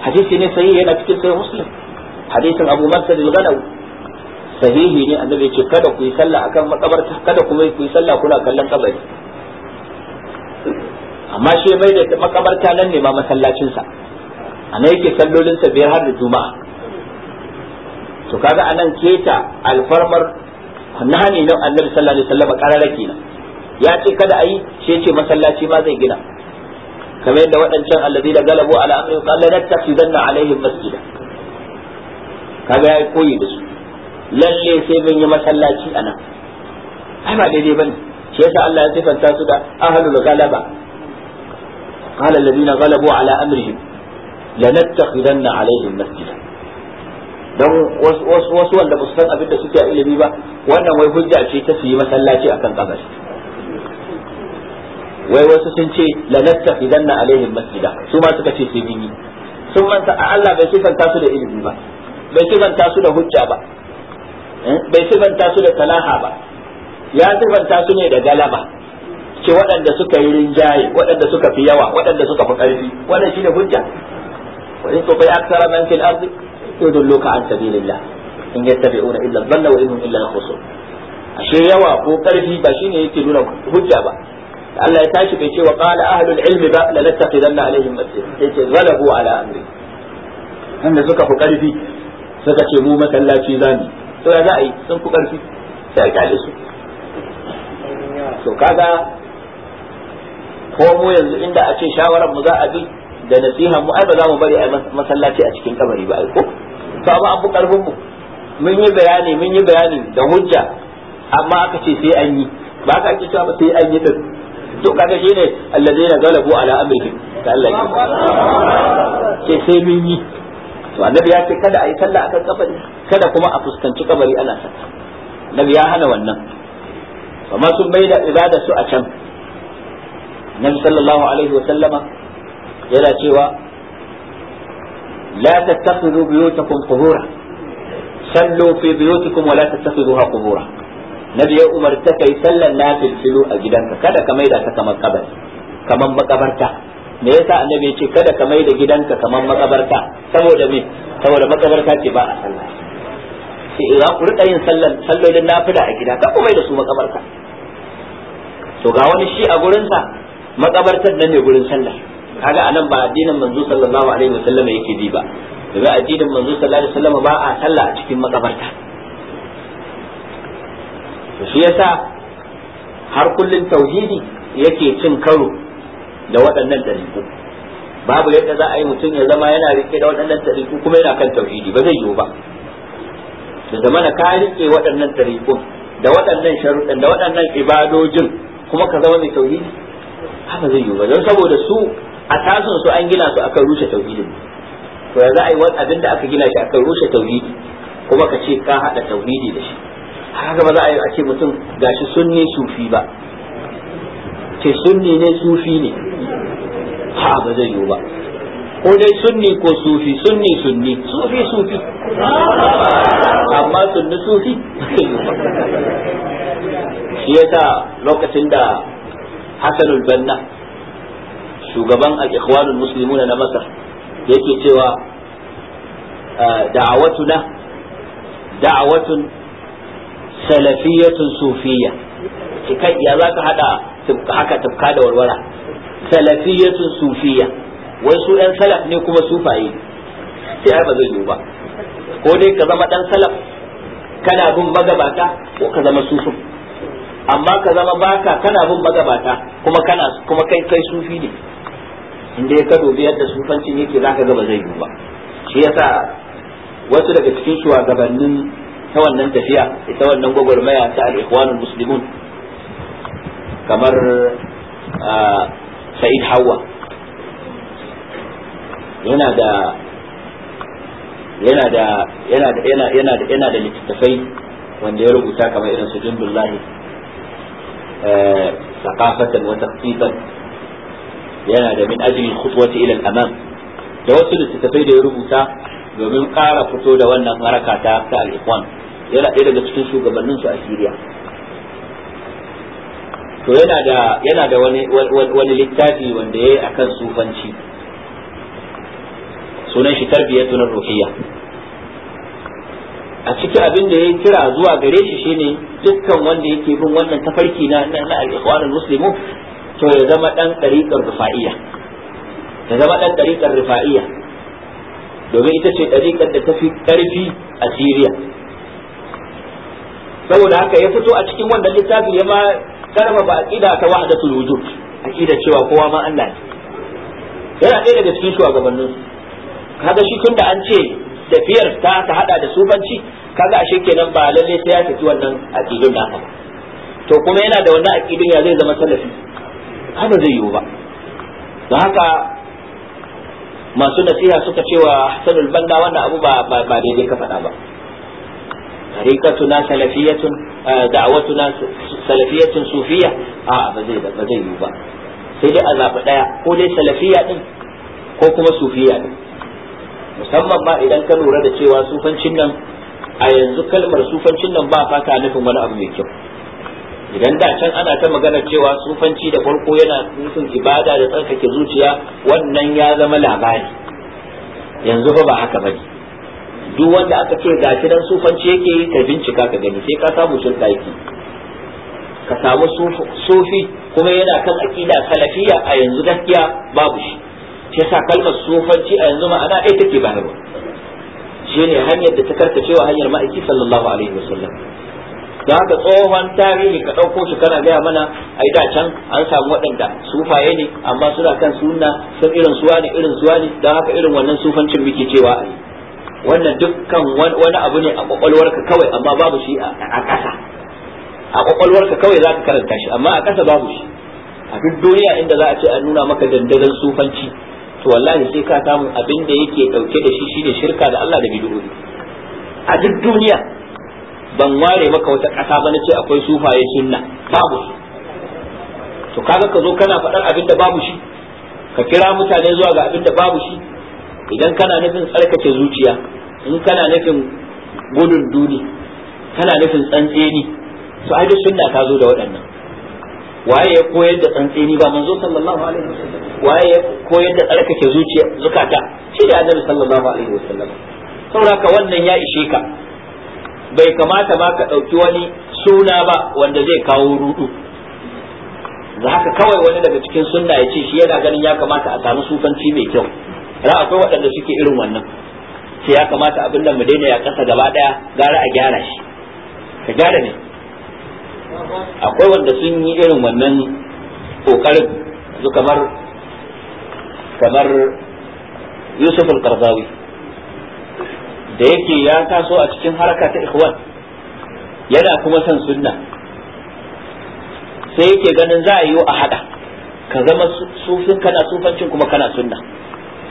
hadisi ne sahihi yana cikin sahih muslim hadisin abu mansur al-ghanawi sahihi ne annabi ce kada ku yi sallah akan makabarta kada ku yi ku yi sallah kuna kallon kabari amma shi mai da makabarta nan ne ba masallacin sa anan yake sallolin sa biyar har da juma'a to kaga anan keta alfarmar nahani na annabi sallallahu alaihi wa wasallam kararraki na ya ce kada ayi shi ce masallaci ma zai gina kamar yadda waɗancan da galabu ala amrin qala latakhidanna alaihim masjida kaga yayi koyi da su lalle sai mun yi masallaci anan ai ba daidai bane shi yasa Allah ya sifanta su da ahlul galaba qala allazina galabu ala amrihim lanattakhidanna alaihim masjida don wasu wanda ba su san abin da suke ilimi ba wannan wai hujja ce ta su yi masallaci akan kabari wai wasu sun ce lanatta idan na alaihim masjida su ma suka ce sai mun yi sun manta a Allah bai sifanta su da ilimi ba bai sifanta su da hujja ba eh, bai sifanta su da talaha ba ya sifanta su ne da galaba ce waɗanda suka yi rinjaye waɗanda suka fi yawa waɗanda suka fi ƙarfi wannan shine hujja Wani in tuqi aktsara man fil ardi yudulluka an sabilillah in yattabi'una illa dhanna wa innahum illa yakhrusun ashe yawa ko ƙarfi ba shine yake nuna hujja ba Allah ya tashi bai ce wa qala ahlul ilmi ba la nattaqidanna alaihim masjid sai ce zalabu ala amri Inda suka fi karfi suka ce mu masallaci zamu to ya za a yi sun fi karfi sai ka kyale su to kaga ko mu yanzu inda a ce shawaran mu za a bi da nasiha mu ai ba za mu bari a masallaci a cikin kabari ba ko to amma abu karfin mu mun yi bayani mun yi bayani da hujja amma aka ce sai an yi ba ka ake cewa sai an yi din to kaga shine alladheena galabu ala amrihim Ta Allah ya ce sai mun yi to annabi ya ce kada a yi sallah akan kabari kada kuma a fuskanci kabari ana sallah annabi ya hana wannan amma sun bai da ibada su a can nabi sallallahu alaihi wa sallama yana cewa la tattakhidhu biyutakum qubura sallu fi biyutikum wa la tattakhiduha qubura nabi ya umarta kai sallan nafil filu a gidanka kada ka maida ta kamar kabari kamar makabarta me yasa annabi ya ce kada ka maida gidanka kamar makabarta saboda me saboda makabarta ce ba a sallah sai idan ku rika yin sallan sallolin nafila a gida ka ku da su makabarta to ga wani shi a sa makabartar nan ne gurin sallah kaga anan ba addinin manzo sallallahu alaihi wasallam yake bi ba da addinin manzo sallallahu alaihi wasallam ba a sallah a cikin makabarta shi yasa har kullun tauhidi yake cin karo da waɗannan ɗariƙu babu yadda za a yi mutum ya zama yana rike da waɗannan ɗariƙu kuma yana kan tauhidi ba zai yiwu ba da zamana ka rike waɗannan ɗariƙun da waɗannan sharuɗan da waɗannan ibadojin kuma ka zama mai tauhidi haka zai yiwu ba don saboda su a tasun su an gina su akan rushe tauhidin to yanzu za a yi wani abin da aka gina shi akan rushe tauhidi kuma ka ce ka haɗa tauhidi da shi haka ba za a yi a ce mutum gashi sunni sufi ba ce sunni ne sufi ne ha ba zai yiwu ba ko dai sunni ko sufi sunni sunni sufi sufi amma sunni sufi shi yasa lokacin da hasanul banna shugaban al-ikhwanul muslimuna na masar yake cewa ah, da'awatuna da'awatun salafiyatun sufiyya ki kai ya zaka hada haka tafka da warwara salafiyatun sufiyya wai su ɗan salaf ne kuma sufaye sai ai ba zai yiwu ba ko dai ka zama ɗan salaf kana bin magabata ko ka zama sufin amma ka zama baka kana bin magabata kuma kana kuma kai kai sufi ne inda ka dubi yadda sufancin yake zaka ga ba zai yiwu ba shi yasa wasu daga cikin shugabannin Ta wannan tafiya ita wannan gwagwarmaya ta al-ikhwanul muslimun kamar sa'id hawa yana da yana da yana da yana da yana da littattafai wanda ya rubuta kamar irin su jundullahi wa وتخطيطا yana da min ajli khutwati ila al-amam da wasu littattafai da ya rubuta domin ƙara fito da wannan haraka ta ta al-ikhwan yana ɗaya daga cikin shugabannin su a to yana da yana da wani wani littafi wanda yayi akan sufanci sunan shi tarbiyatun ruhiyya a cikin abin da ya kira zuwa gare shi shine dukkan wanda yake bin wannan tafarki na na al-ikhwanul muslimun to ya zama dan tariqar rufa'iyya ya zama dan tariqar rufa'iyya domin ita ce tariqar da tafi ƙarfi a siriya saboda haka ya fito a cikin wannan littafin ya ma ba aqida ta wahdatul wujud aqida cewa kowa ma Allah ne yana ɗaya daga cikin shugabannin kaga shi tunda an ce tafiyar ta ta hada da sufanci kaga ashe kenan ba lalle sai ya tafi wannan aqidun da haka to kuma yana da wannan aqidun ya zai zama salafi haka zai yiwu ba don haka masu nasiha suka cewa hasanul banda wannan abu ba ba daidai ka faɗa ba tariqatuna salafiyatun da'watuna salafiyatun sufiyya a ba zai ba zai yi ba sai dai a zabi daya ko dai salafiyya din ko kuma sufiyya din musamman ma idan ka lura da cewa sufancin nan a yanzu kalmar sufancin nan ba fata nufin wani abu mai kyau idan da can ana ta magana cewa sufanci da farko yana nufin ibada da tsarkake zuciya wannan ya zama labari yanzu fa ba haka bane duk wanda aka ce gashi dan sufanci yake ta ka bincika ka gani sai ka samu shirka yake ka samu sufi kuma yana kan aqida salafiyya a yanzu gaskiya babu shi shi sa kalmar sufanci a yanzu ma'ana ɗaya take bayarwa shine hanyar da ta karkacewa hanyar ma'aiki sallallahu alaihi wasallam don haka tsohon tarihi ka ɗauko shi kana gaya mana ai da can an samu waɗanda sufaye ne amma suna kan suna sun irin suwa ne irin suwa ne don haka irin wannan sufancin muke cewa a yi wannan dukkan wani abu ne a kwakwalwarka kawai amma babu shi a ƙasa a kwakwalwarka kawai za ka karanta shi amma a ƙasa babu shi a duk duniya inda za a ce a nuna maka dandazon sufanci to wallahi sai ka samu abin da yake ɗauke da shi shine shirka da Allah da bid'o'i a duk duniya ban ware maka wata ƙasa ba na ce akwai sufaye sunna babu to kaga ka zo kana faɗar abin da babu shi ka kira mutane zuwa ga abin da babu shi idan kana nufin tsarkake zuciya in kana nufin gudun duni kana nufin tsantseni su ai sunna ta zo da waɗannan waye ya koyar da tsantseni ba manzo sallallahu alaihi wasallam waye ya koyar da tsarkake zuciya zukata shi da annabi sallallahu alaihi wasallam saboda wannan ya ishe ka bai kamata ma ka ɗauki wani suna ba wanda zai kawo rudu da haka kawai wani daga cikin sunna ya ce shi yana ganin ya kamata a samu sufanci mai kyau da akwai waɗanda suke irin wannan sai ya kamata abin da mu daina ya kasa gaba daya gara a gyara shi ka gyara ne akwai wanda sun yi irin wannan kokarin su kamar kamar yusuf al-qardawi da yake ya taso a cikin harka ta ikhwan yana kuma son sunna sai yake ganin za a yi a hada ka zama sufin kana sufancin kuma kana sunna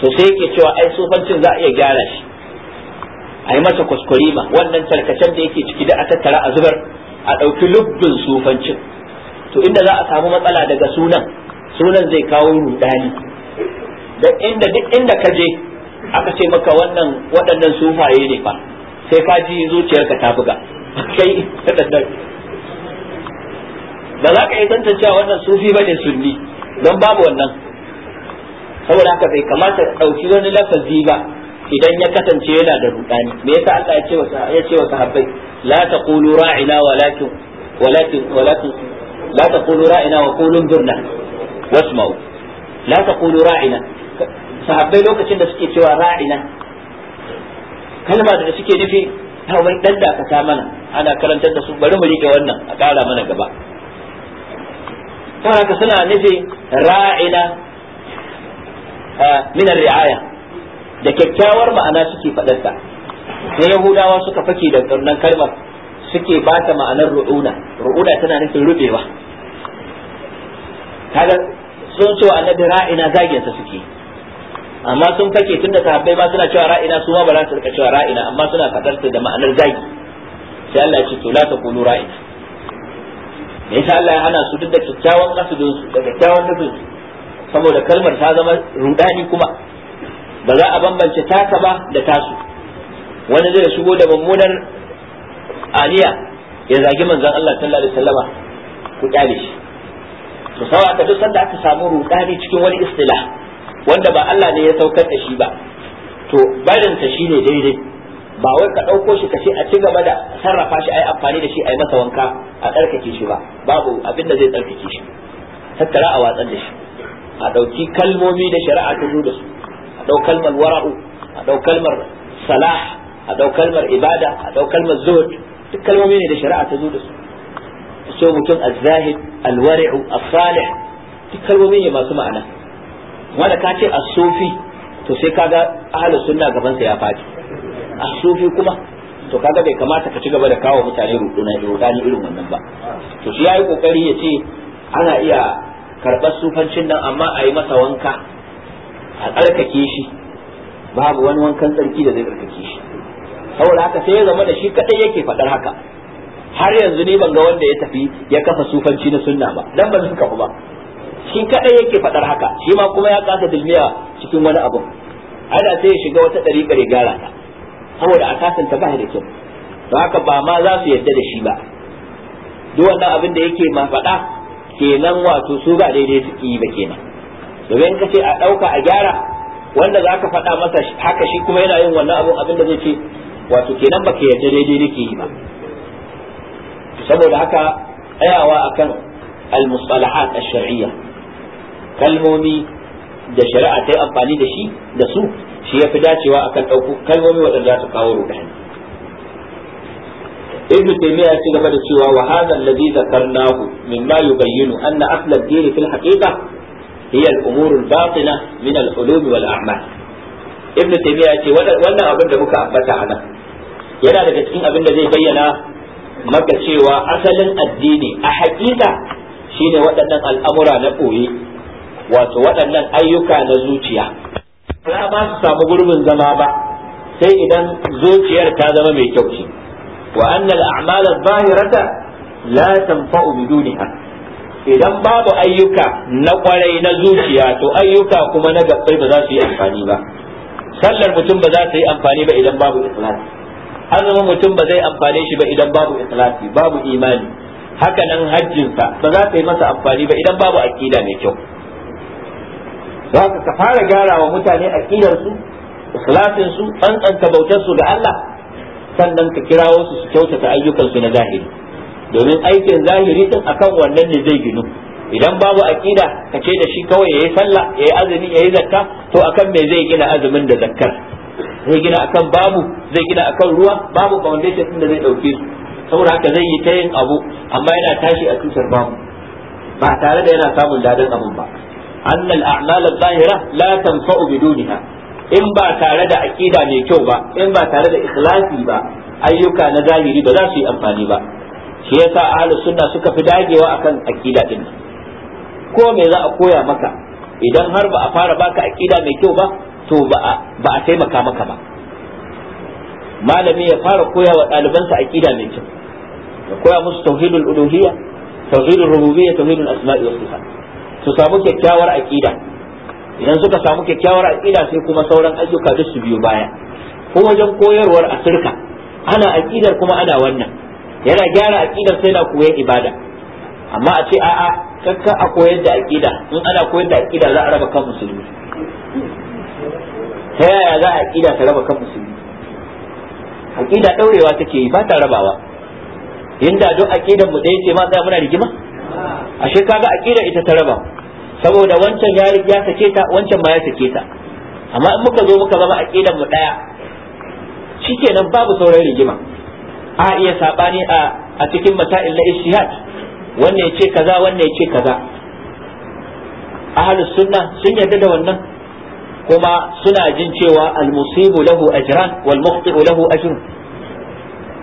to sai yake cewa ai sofancin za a iya gyara shi a yi masa ba wannan tarkacen da yake ciki da a tattara a zubar a ɗauki lubbin sofancin to inda za a samu matsala daga sunan sunan zai kawo rudani da inda duk inda ka je aka ce maka wannan waɗannan sufaye ne fa sai ka ji zuciyarka ta buga kai ba za ka yi tantancewa wannan sufi bane sunni don babu wannan saboda haka bai kamata ɗauki wani lafazi ba idan ya kasance yana da rudani me yasa Allah ya ce wa ya ce wa sahabbai la taqulu ra'ina walakin walakin walakin la taqulu ra'ina wa qulu dunna wasma'u la taqulu ra'ina sahabbai lokacin da suke cewa ra'ina kalma da suke nufi ta wai dan da ka mana ana karantar da su bari mu rike wannan a kara mana gaba kana ka suna nufi ra'ina min riaya da kyakkyawar ma'ana suke faɗarsa sai yahudawa suka fake da wannan kalmar suke ba ta ma'anar ru'una ru'una tana nufin rubewa kaga sun ce annabi ra'ina zagin sa suke amma sun fake tunda sahabbai ba suna cewa ra'ina su ma ba za su rika cewa ra'ina amma suna fadar da ma'anar zagi sai Allah ya ce to la taqulu ra'ina me yasa Allah ya hana su duk da kyakkyawan kasudin su da kyakkyawan nufin su saboda kalmar ta zama rudani kuma ba za a bambance taka ba da tasu wani zai shigo da mummunar aliya ya zagi manzon Allah sallallahu alaihi wasallama ku kyale shi to sawa ka duk sanda aka samu rudani cikin wani istilah wanda ba Allah ne ya saukar da shi ba to barin ta shine daidai ba wai ka ɗauko shi ka ce a ci gaba da sarrafa shi ai amfani da shi ai masa wanka a tsarkake shi ba babu abin da zai tsarkake shi tattara a watsar da shi a ɗauki kalmomi da shari'a ta zo da su a ɗau kalmar wara'u a ɗau kalmar salah a ɗau kalmar ibada a ɗau kalmar zuhud duk kalmomi ne da shari'a ta zo da su so mutum az-zahid al-wari'u as-salih duk kalmomi ne masu ma'ana wanda ka ce as-sufi to sai kaga ahlus sunna gaban sa ya faɗi as-sufi kuma to kaga bai kamata ka ci gaba da kawo mutane ruduna rudani irin wannan ba to shi yayi kokari ya ce ana iya karɓar sufancin nan amma a yi masa wanka a tsarkake shi babu wani wankan tsarki da zai tsarkake shi saboda haka sai ya zama da shi kadai yake faɗar haka har yanzu ne ban ga wanda ya tafi ya kafa sufanci na sunna ba dan ba su kafa ba shi kadai yake faɗar haka shi ma kuma ya kasa dilmiya cikin wani abu ana sai ya shiga wata ɗariƙar ya gyara ta saboda a ta ba da kyau don haka ba ma za su yarda da shi ba duk wannan abin da yake ma faɗa kenan wato su ba daidai suke yi ba kenan domin ka ce a ɗauka a gyara wanda za ka faɗa masa haka shi kuma yana yin wannan abun abin da zai ce wato kenan ba ka yarda daidai nake yi ba saboda haka tsayawa akan al-mustalahat ash-shar'iyya kalmomi da shari'a ta yi amfani da shi da su shi ya fi dacewa akan ɗauko kalmomi waɗanda za su kawo rudani ibn taymiya ya ci gaba da cewa wa hadha alladhi dhakarnahu mimma yubayyinu anna asla ad-din fil haqiqa hiya al-umur al-batina min al-ulum wal a'mal ibn taymiya ya ce wannan abin da muka ambata anan yana daga cikin abin da zai bayyana maka cewa asalin addini a haƙiƙa shine waɗannan al'amura na ɓoye wato waɗannan ayyuka na zuciya ba su samu gurbin zama ba sai idan zuciyar ta zama mai kyau ce wa amalan al-a'mal adh-dhahirata la idan babu ayyuka na kwarai na zuciya to ayyuka kuma na gabbai ba za su yi amfani ba sallar mutum ba za su yi amfani ba idan babu ikhlasi azumin mutum ba zai amfane shi ba idan babu ikhlasi babu imani haka nan hajjinsa ba za ta yi masa amfani ba idan babu aqida mai kyau haka ka fara gyara wa mutane aqidar su ikhlasin su tsantsanta bautar su ga Allah sannan ka kirawo su su kyautata ayyukansu na zahiri domin aikin zahiri din akan wannan ne zai ginu idan babu aqida ka ce da shi kawai yayi sallah yayi azumi yayi zakka to akan me zai gina azumin da zakkar zai gina akan babu zai gina akan ruwa babu foundation din da zai dauke su saboda haka zai yi ta yin abu amma yana tashi a tushen babu ba tare da yana samun dadin abun ba annal a'mal adh-dhahira la tanfa'u bidunha in ba tare da aƙida mai kyau ba in ba tare da ikhlasi ba ayyuka na zahiri ba za su yi amfani ba shi yasa ahlus sunna suka fi dagewa akan aƙida din ko me za a koya maka idan har ba a fara baka aƙida mai kyau ba to ba a taimaka maka ba malami ya fara koya wa ɗalibansa aƙida mai kyau ya koya musu tauhidul uluhiyya tauhidul rububiyya tauhidul asma'i was sifat su samu kyakkyawar aƙida idan suka samu kyakkyawar aƙida, sai kuma sauran ayyuka duk su biyo baya ko wajen koyarwar asirka ana aƙidar kuma ana wannan yana gyara aƙidar sai na koyar ibada amma a ce a'a kakka a koyar da aƙida, in ana koyar da aƙida za a raba kan musulmi ta yaya za a aƙida ta raba kan musulmi aqida ta take yi ba ta rabawa inda duk aƙidar mu ɗaya ce ma sai muna rigima ashe kaga aƙida ita ta raba saboda wancan ya sake ta wancan ma ya sake ta amma in muka zo muka zama aqidan mu daya shikenan babu sauran rigima a iya sabani a a cikin masail na ishihad wanne ya kaza wanne ya kaza ahlus sunna sun yarda da wannan kuma suna jin cewa musibu lahu ajran wal muqtiu lahu ajrun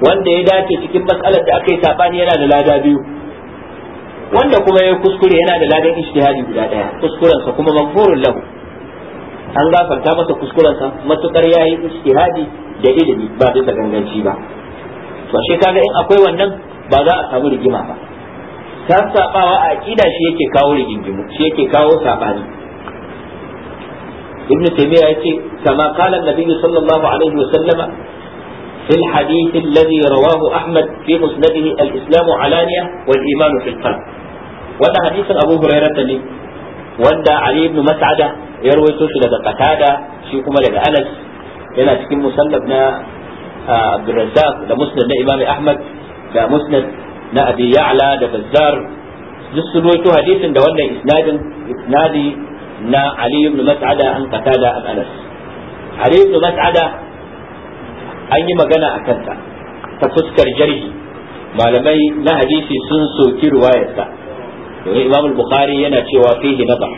wanda ya dace cikin matsalar da aka yi sabani yana da lada biyu wanda kuma ya kuskure yana da ladan ijtihadi guda daya kuskurensa kuma maghfurun lahu an gafarta masa kuskurensa matukar yayi ijtihadi da ilimi ba bisa ganganci ba to shi kaga in akwai wannan ba za a samu rigima ba sassabawa a aqida shi yake kawo rigingimu shi yake kawo sabani ibn taymiya yace kama qala an-nabi sallallahu alaihi wa sallama في الحديث الذي رواه أحمد في مسنده الإسلام علانية والإيمان في القلب wannan hadisin Abu Hurairah ne wanda Ali ibn Mas'ada ya rawaito shi daga Qatada shi kuma daga Anas yana cikin musannaf na Abdul Razzaq da Musnad na Imam Ahmad da Musnad na Abi Ya'la da Bazzar duk sun rawaito hadisin da wannan isnadin isnadi na Ali ibn Mas'ada an Qatada an Anas Ali ibn Mas'ada an yi magana a kanta ta fuskar jarhi malamai na hadisi sun soki ruwayarsa domin imam bukhari yana cewa fihi nazar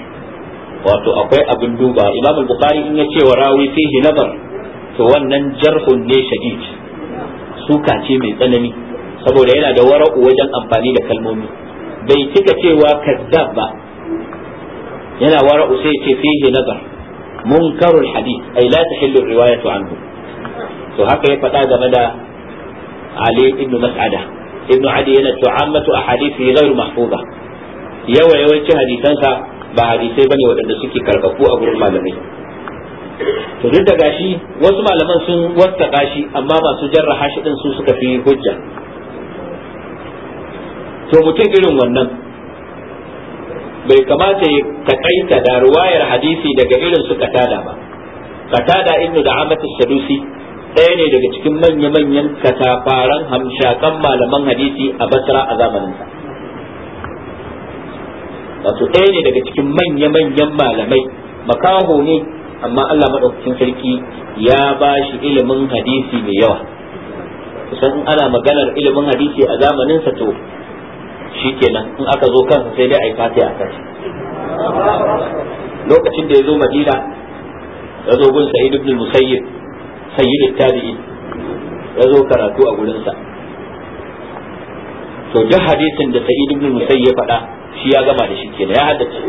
wato akwai abin duba imam bukhari in ya cewa rawi fihi nazar to wannan jarhun ne shadid suka ce mai tsanani saboda yana da wara'u wajen amfani da kalmomi bai cika cewa kazzab ba yana wara'u sai ce fihi nazar munkarul hadith ay la tahillu riwayatu anhu to haka ya faɗa game da Ali ibn Mas'ada ibn Adi yana to ammatu ahadithi ghairu mahfuza yawa yawancin hadisansa ba hadisai bane waɗanda suke karkafu a gurin malamai to duk da gashi wasu malaman sun wattaka shi amma masu jarra hashi din su suka fi hujja to mutum irin wannan bai kamata ya takaita da ruwayar hadisi daga irin su katada ba katada ibnu da amatu sadusi ɗaya ne daga cikin manya-manyan katafaren hamshakan malaman hadisi a basra a zamanin zamaninsa wato ɗaya ne daga cikin manya-manyan malamai makaho ne amma Allah maɗaukakin sarki ya ba shi ilimin hadisi mai yawa kusan in ana maganar ilimin hadisi a zamanin sa to kenan in aka zo kansa sai dai a yi fatiha a kansa lokacin da ya zo madina ya zo gun sa'id ibn musayyib sayyid tabi'i ya zo karatu a gurinsa to duk hadisin da sa'id ibn musayyib faɗa shi ya gama da shi kenan ya haddace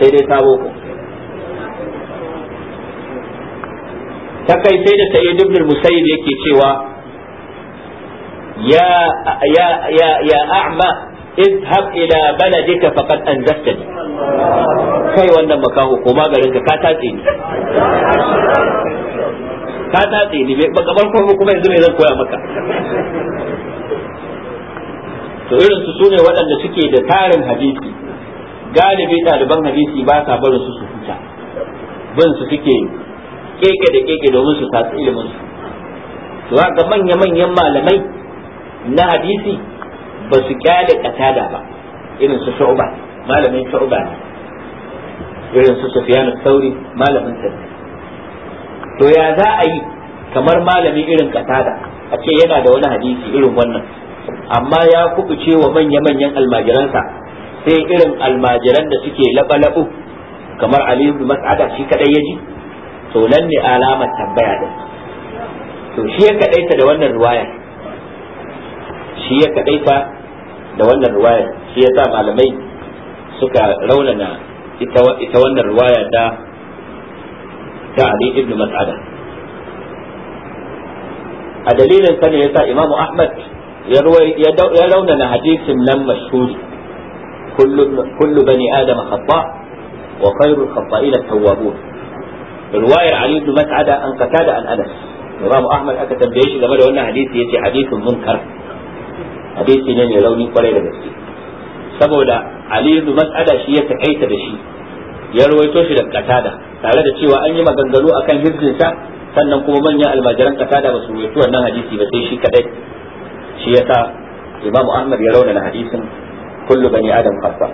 sai dai sabo ko ta kai sai da sayyid ibn musayyib yake cewa ya ya ya ya a'ma izhab ila an faqad anzaftani kai wannan makaho ko garin ka ka tatse ni ka tatse ni ba gaban kuma yanzu me zan koya maka to irin su sune waɗanda suke da tarin hadisi galibi ɗaliban hadisi ba sa barin su su fita bin su suke keke da keke domin su tatsi ilimin su to haka manya manyan malamai na hadisi ba su kyale katada ba irin su shu'ba malamin shu'ba ne irin su sufyan sauri malamin sa to ya za a yi kamar malami irin katada a ce yana da wani hadisi irin wannan amma ya kubuce wa manya-manyan almajiransa sai irin almajiran da suke laɓa-laɓu kamar Ali ibn Mas'ada shi kadai ya ji to nan ne alamar tambaya din to shi ya kadaita da wannan riwaya shi ya kadaita da wannan riwaya shi ya sa malamai suka raunana ita ita wannan ruwaya da da Ali ibn Mas'ada a dalilin sa ne yasa Imam Ahmad ya raunana hadisin nan mashhuri kullu bani adam khata wa khairul khata'ina tawwabun riwayar ali ibn mas'ada an qatada an anas imam ahmad aka tambaye shi game da wannan hadisi yace hadisin munkar hadisi ne mai rauni kwarai da gaske saboda ali mas'ada shi ya takaita da shi ya rawaito da qatada tare da cewa an yi a kan hizbinsa sannan kuma manyan almajiran qatada basu, su wannan hadisi ba sai shi kaɗai. shi yasa imamu ahmad ya raunana hadisin kullu bani adam khassa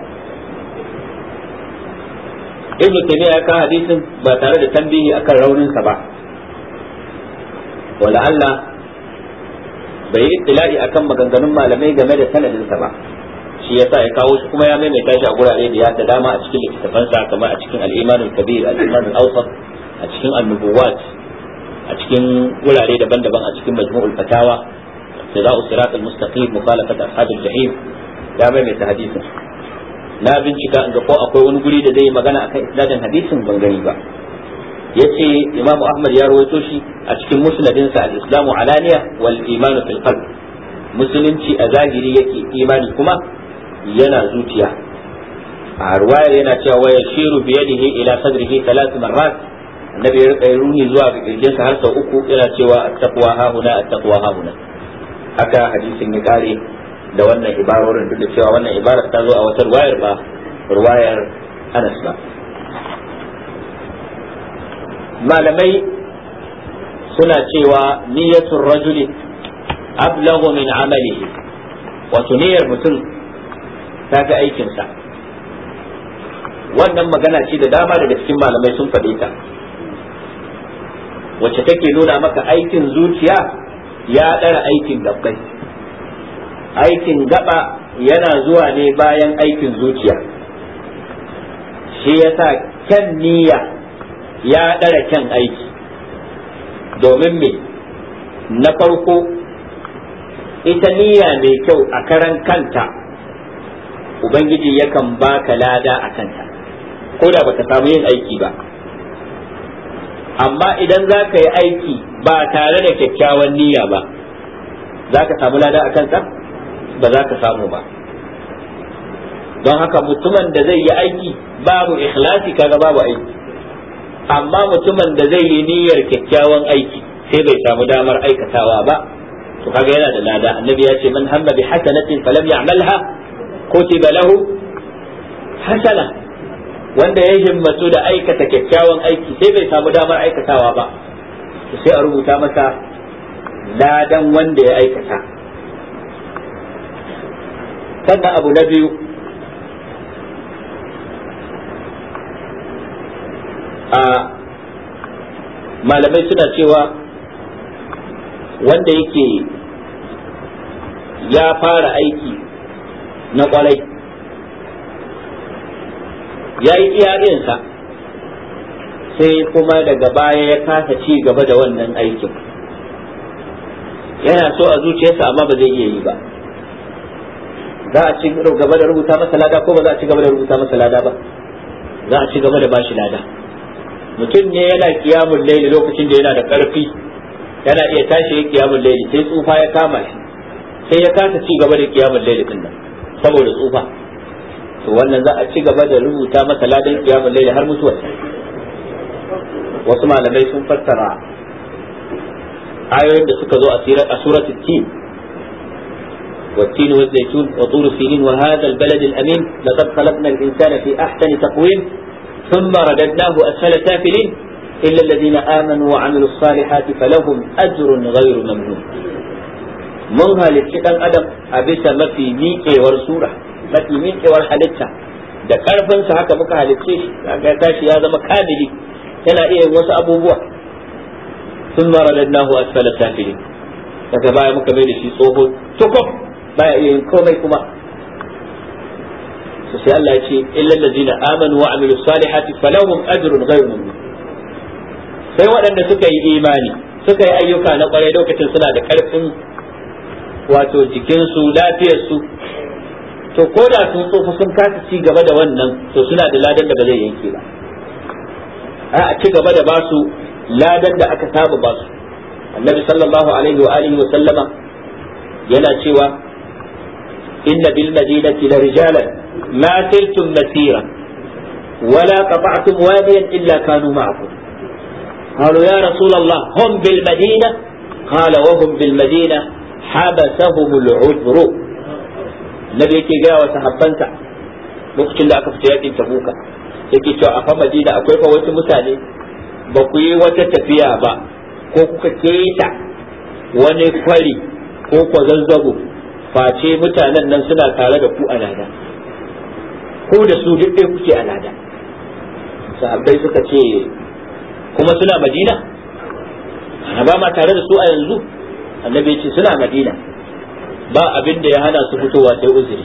ibn taymiya ya ka hadisin ba tare da tambihi akan rauninsa ba wala Allah bai yi tila'i akan maganganun malamai game da sanadinsa ba shi yasa ya kawo shi kuma ya maimaita shi a gurare da ya da dama a cikin littattafansa kamar a cikin al'imanin kabir al awsat a cikin an a cikin gurare daban-daban a cikin majmu'ul fatawa جزاء الصراط المستقيم مخالفة أصحاب الجحيم يا ميمي تحديث na bincika in ga ko akwai wani guri da zai yi magana kan isnadin hadisin ban gani ba yace imamu ahmad ya rawaito shi a cikin musnadin sa al-islamu alaniya wal iman fil musulunci a zahiri yake imani kuma yana zuciya a ruwaya yana cewa wa yashiru bi yadihi ila sadrihi thalath marrat na biyar rika runi zuwa ga kirjinsa har sau uku yana cewa at-taqwa ha huna at-taqwa ha huna haka hadisin ya kare da wannan ibarorin duk da cewa wannan ibarar ta zo a wata ruwayar ba ruwayar Anas ba malamai suna cewa niyyatul rajuli ablagu min amalihi wato niyyar mutum ta ga aikinsa wannan magana ce da dama daga cikin malamai sun faɗe ta wacce take nuna maka aikin zuciya ya ɗara aikin gabbai aikin gaba yana zuwa ne bayan aikin zuciya shi ya sa kyan niyya ya ɗara kyan aiki domin me na farko ita niyya mai kyau a karan kanta ubangiji yakan baka lada a kanta ko da baka samu yin aiki ba amma idan za ka yi aiki ba tare da kyakkyawan niyya ba za ka samu lada a kanka ba za ka samu ba don haka mutumin da zai yi aiki babu ikhlasi kaga babu aiki amma mutumin da zai yi niyyar kyakkyawan aiki sai bai samu damar aikatawa ba to kaga yana da lada annabi ya ce man hamma bi hasanatin falam ya'malha kutiba lahu hasana wanda ya himmatu da aikata kyakkyawan aiki sai bai samu damar aikatawa ba sai a rubuta masa ladan wanda ya aikata sannan abu na biyu a malamai suna cewa wanda yake ya fara aiki na kwarai ya yi iyayensa sai kuma daga baya ya kasa ci gaba da wannan aikin yana so a zuciyarsa amma ba zai iya yi ba za a ci gaba da rubuta masa lada ko ba za a ci gaba da rubuta masa lada ba za a ci gaba da bashi lada mutum ne yana kiyamun laili lokacin da yana da karfi yana iya tashi ya kiyamun laili sai tsufa ya kama shi sai ya kasa ci gaba da kiyamun laili din nan saboda tsufa to wannan za a ci gaba da rubuta masa ladan kiyamul laili har mutuwa wasu malamai sun fassara ayoyin da suka zo a suratul tin والتين والزيتون وطور سينين وهذا البلد الأمين لقد خلقنا الإنسان في أحسن تقويم ثم رددناه أسفل سافلين إلا الذين آمنوا وعملوا الصالحات فلهم أجر غير ممنون من هل الشيطان أدم أبس ما في ميكي ورسوله mafi miƙewar halitta da ƙarfinsa haka muka halicce shi kaga tashi ya zama kamili yana iya yin wasu abubuwa sun mara radnahu asfala safilin daga baya muka mai da shi tsoho tukum baya iya yin komai kuma to sai Allah ya ce illal ladzina amanu wa amilu salihati falahum ajrun ghayru mamnun sai waɗanda suka yi imani suka yi ayyuka na kwarai lokacin suna da ƙarfin wato jikinsu lafiyarsu to ko da sun tsofa sun kasa ci gaba da wannan to suna da ladan da ba zai yanke ba a ci gaba da basu ladan da aka saba basu annabi sallallahu alaihi wa alihi wa sallama yana cewa inna bil madinati la rijalan ma tiltum masira ولا قطعتم واديا إلا كانوا معكم قالوا يا رسول الله هم بالمدينة قال وهم بالمدينة حبسهم العذر nabi yake gaya wa sahabbansa lokacin da aka fita yakin tabuka yake cewa a fa madina akwai fa wasu mutane ba ku yi wata tafiya ba ko kuka keta wani kwari ko kwazazzabo face mutanen nan suna tare da ku a lada ko da su duk ɗaya kuke a lada sahabbai suka ce kuma suna madina ana ba ma tare da su a yanzu annabi ce suna madina ba abin da ya hana su fitowa sai uzuri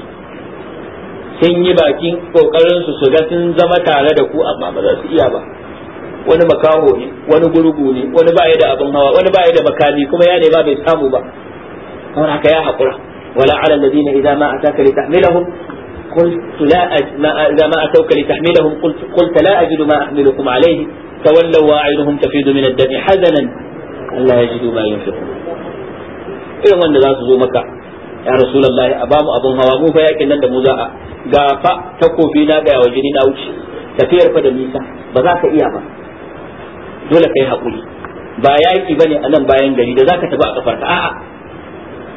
sun yi bakin kokarin su su ga sun zama tare da ku amma ba za su iya ba wani makaho ne wani gurgu ne wani ba ya da abin hawa wani ba ya da makami kuma ya ne, ba bai samu ba kamar haka ya haƙura wala ala alladhina idza ma ataka li tahmilahum قلت لا أج... ما... إذا ما أتوك لتحملهم قلت قلت لا أجد ما أحملكم عليه تولوا وأعينهم تفيض من الدم حزنا ألا يجدوا ما ينفقون إذا wanda za su zo maka ya rasulullahi a bamu abun hawa mu fa yakin nan da mu za a ga fa kofi na ga wa jini na wuce tafiyar fa da nisa ba za ka iya ba dole kai hakuri ba yaki bane a nan bayan gari da zaka tafi a kafar ka a'a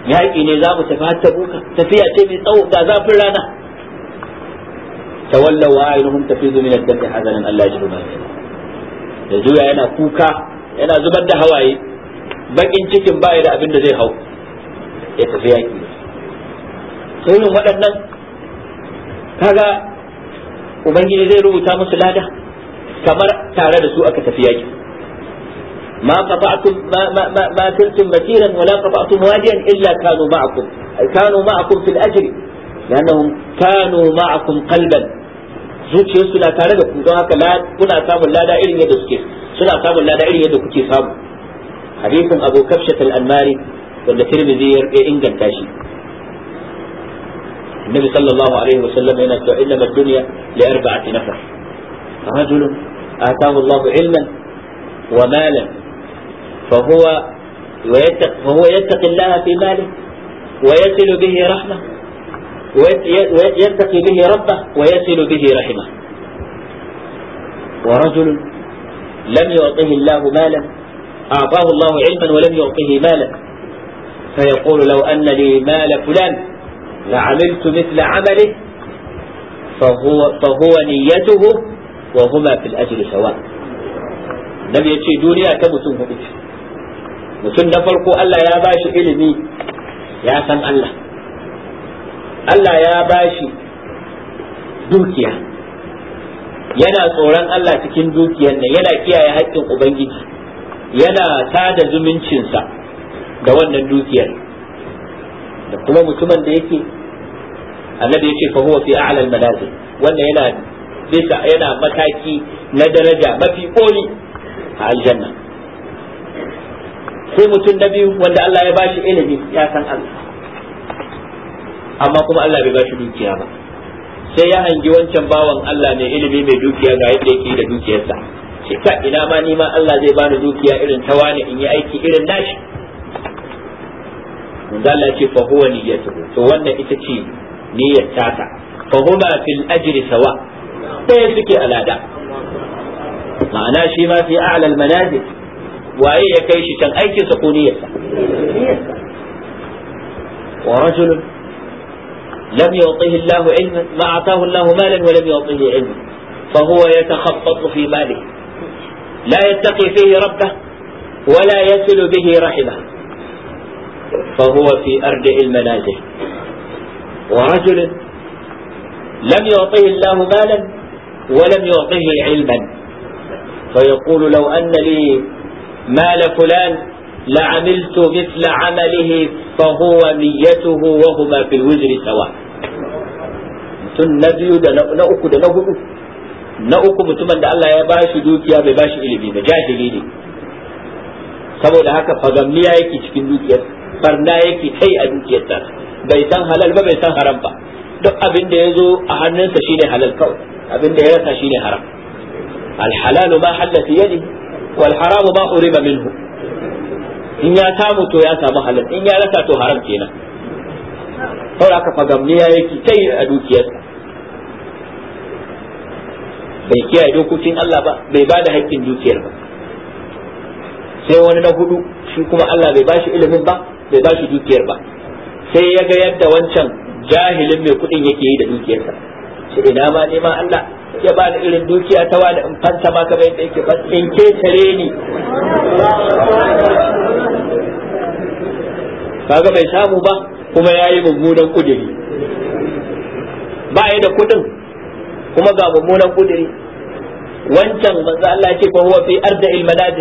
yaƙi ne za mu tafi har ta buka tafiya ce mai tsawo ga zafin rana tawallaw a'inuhum tafizu min ad-dami hazanan Allah ya jira da zuwa yana kuka yana zubar da hawaye bakin cikin ba da abin da zai hau ya tafi yaki to irin waɗannan kaga ubangiji zai rubuta musu lada kamar tare da su aka tafi yaki Ma قطعتم ما ما ما, ما سرتم مسيرا ولا قطعتم واديا الا كانوا معكم كانوا معكم في الاجر لانهم كانوا معكم قلبا zuciyarsu na tare da ku don haka kuna samun lada irin yadda suke suna samun lada irin yadda kuke samu hadisin abu kafshat al-anmari wanda tirmidhi ya inganta shi النبي صلى الله عليه وسلم إنما الدنيا لأربعة نفر رجل آتاه الله علما ومالا فهو ويتق فهو يتقي الله في ماله ويصل به رحمه ويتقي به ربه ويصل به رحمه ورجل لم يعطه الله مالا أعطاه الله علما ولم يعطه مالا فيقول لو أن لي مال فلان لعملت مثل عمله فهو, فهو نيته وهما في الأجر سواء لم يتشي دنيا تمتم بك mutum na farko Allah ya ba shi ilimi ya san Allah Allah ya ba shi dukiya yana tsoron Allah cikin dukiyar nan yana kiyaye haƙƙin Ubangiji yana sada zumuncinsa da wannan dukiyar da kuma mutumin da yake annabi yace fa huwa fi a'la al-manazil wannan yana bisa yana mataki na daraja mafi koli a aljanna sai mutum na biyu wanda Allah ya bashi ilimi ya san Allah amma kuma Allah bai bashi dukiya ba sai ya hangi wancan bawan Allah mai ilimi mai dukiya ga yadda yake da dukiyarsa shi ka ina ma ni ma Allah zai bani dukiya irin ta wani in yi aiki irin nashi manzo Allah ce fa huwa niyyatuhu to wannan ita ce niyyar tata fa huma fil ajri sawa sai suke alada ma'ana shi ma fi a'la al manazil waye ya kai shi kan aikin sa ko niyyarsa wa rajul lam yu'tihi Allah ilman ma atahu Allah malan wa lam yu'tihi ilman fa huwa yatakhaffatu fi malihi la yattaqi fihi rabbah ولا يصل به رحمه فهو في أردع المنازل ورجل لم يعطيه الله مالا ولم يعطيه علما فيقول لو أن لي مال فلان لعملت مثل عمله فهو نيته وهما في الوزر سواء نبي نأك نأك نأك متمن الله يباش دوكيا بباش إلي بي مجاهلين سبو لهاك فغمنيا يكي تكين دوكيا barna yake kai a dukiyar bai san halal ba bai san haram ba duk abin da ya zo a hannunsa shine halal kawai abin da ya rasa shine haram alhalalu ma halla fi yadi wal haramu ma uriba minhu in ya samu to ya samu halal in ya rasa to haram kenan saboda haka fagamniya yake kai a dukiyarsa bai kiyaye dokokin Allah ba bai ba da haƙƙin dukiyar ba sai wani na hudu shi kuma Allah bai bashi ilimin ba bai ba shi dukiyar ba sai ya ga yadda wancan jahilin mai kuɗin yake yi da dukiyarsa shi ina ma neman Allah ya ba ni irin dukiya ta wani in fanta ma kamar yadda yake fanta in ke tare ni kaga bai samu ba kuma ya yi mummunan kudiri ba ya da kudin kuma ga mummunan kudiri wancan manzo Allah ce fa huwa fi arda al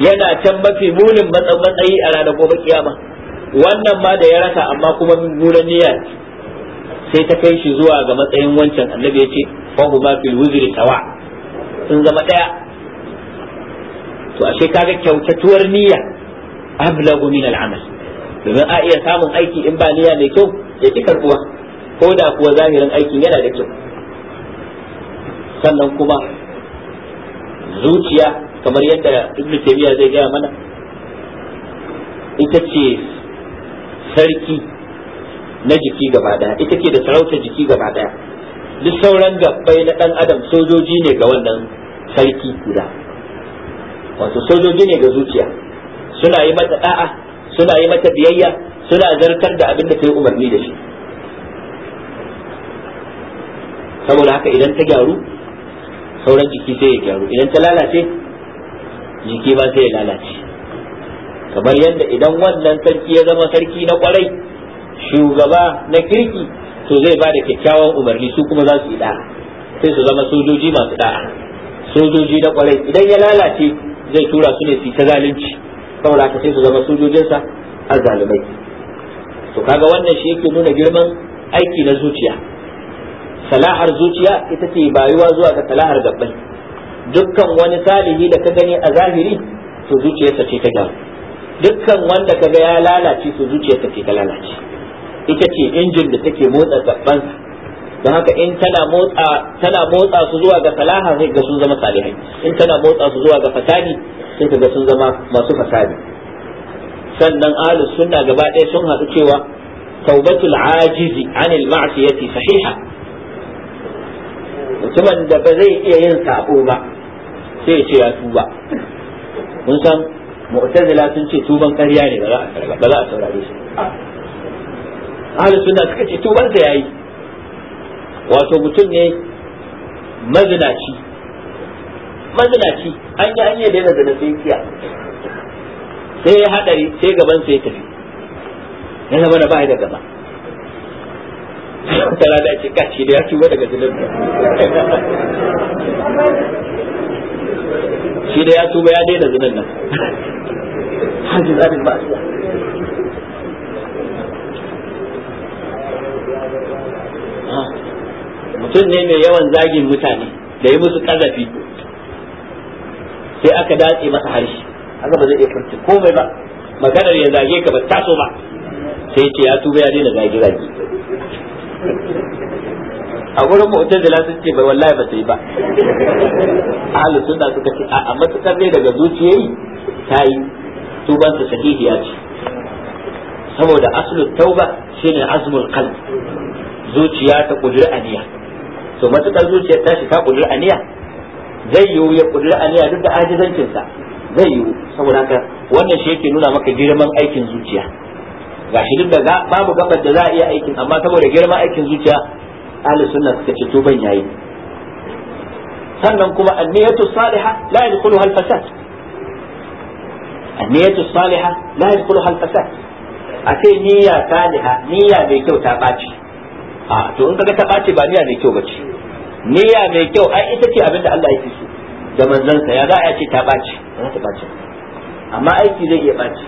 yana can mafi munin matsayi a ranar gobe kiyama wannan ma da ya rasa amma kuma mummunan niyya sai ta kai shi zuwa ga matsayin wancan annabi ya ce ma fil wuzri sawa sun zama daya to ashe kaga kyautatuwar niyya ablagu min al'amal domin a iya samun aiki in ba niyya mai kyau ya ki karbuwa ko da kuwa zahirin aiki yana da kyau sannan kuma zuciya kamar yadda ibnu taymiya zai gaya mana ita ce sarki na jiki gaba daya ita ce da sarauta jiki gaba daya duk sauran gabbai na dan adam sojoji ne ga wannan sarki guda wato sojoji ne ga zuciya suna yi mata da'a suna yi mata biyayya suna zartar da abin da ta yi umarni da shi saboda haka idan ta gyaru sauran jiki sai ya gyaru idan ta lalace jiki ba sai ya lalace kamar yadda idan wannan sarki ya zama sarki na kwarai shugaba na kirki to zai ba da kyakkyawan umarni su kuma za su yi da'a sai su zama sojoji masu da'a sojoji na kwarai idan ya lalace zai tura su ne su ta zalunci saboda haka sai su zama sojojinsa a zalumai to kaga wannan shi yake nuna girman aiki na zuciya salahar zuciya ita ce bayuwa zuwa ga salahar gabbai dukkan wani salihi da ka gani a zahiri to zuciyarsa ce ta gyaru dukkan wanda ka ga ya lalace to zuciyarsa ce ta lalace ita ce injin da take motsa gabansa don haka in tana motsa tana motsa su zuwa ga salaha sai ga sun zama salihai in tana motsa su zuwa ga fasadi sai ka ga sun zama masu fasadi sannan ahli sunna gaba ɗaya sun haɗu cewa taubatul ajizi anil ma'siyati sahiha mutumin da ba zai iya yin sabo ba sai ya ce ya tuba mun san mu'tazila sun ce tuban ƙarya ne ba za a saurare shi ahli sunna suka ce tuban da yayi wato mutum ne mazinaci mazinaci an ga an yi daina da nasiya sai ya hadari sai gaban sai ya tafi ya zama da ba da gaba ta da ce kaci da ya tuba daga zinin shi da ya tuba ya daina zinin nan hajji zaɓin ba ah, mutum ne mai yawan zagin mutane da yi musu ƙazafi sai aka datse masa harshe haka ba zai iya furta komai ba maganar ya zage ka ba taso ba sai ce ya tuba ya daina zage zage a gurin mu'tazila sun ce bai wallahi ba sai ba ahlus sunna suka ce a matukar ne daga zuciyayi ta yi tubansa su ya ce saboda aslu tauba shine azmul qalb zuciya ta kudur aniya to matukar zuciya ta shi ta kudur aniya zai yiwu ya kudur aniya duk da ajizancinsa zai yiwu saboda haka wannan shi yake nuna maka girman aikin zuciya gashi duk da babu gabar da za a iya aikin amma saboda girma aikin zuciya ahli sunna suka ce tuban yayi sannan kuma anniyatu salihah la yadkhuluha al-fasad anniyatu salihah la yadkhuluha al-fasad a ce niyya saliha niyya mai kyau ta baci a to in kaga ta baci ba niyya mai kyau bace niyya mai kyau ai ita ce abinda Allah yake so da manzansa ya za a ce ta baci Za ta baci amma aiki zai iya baci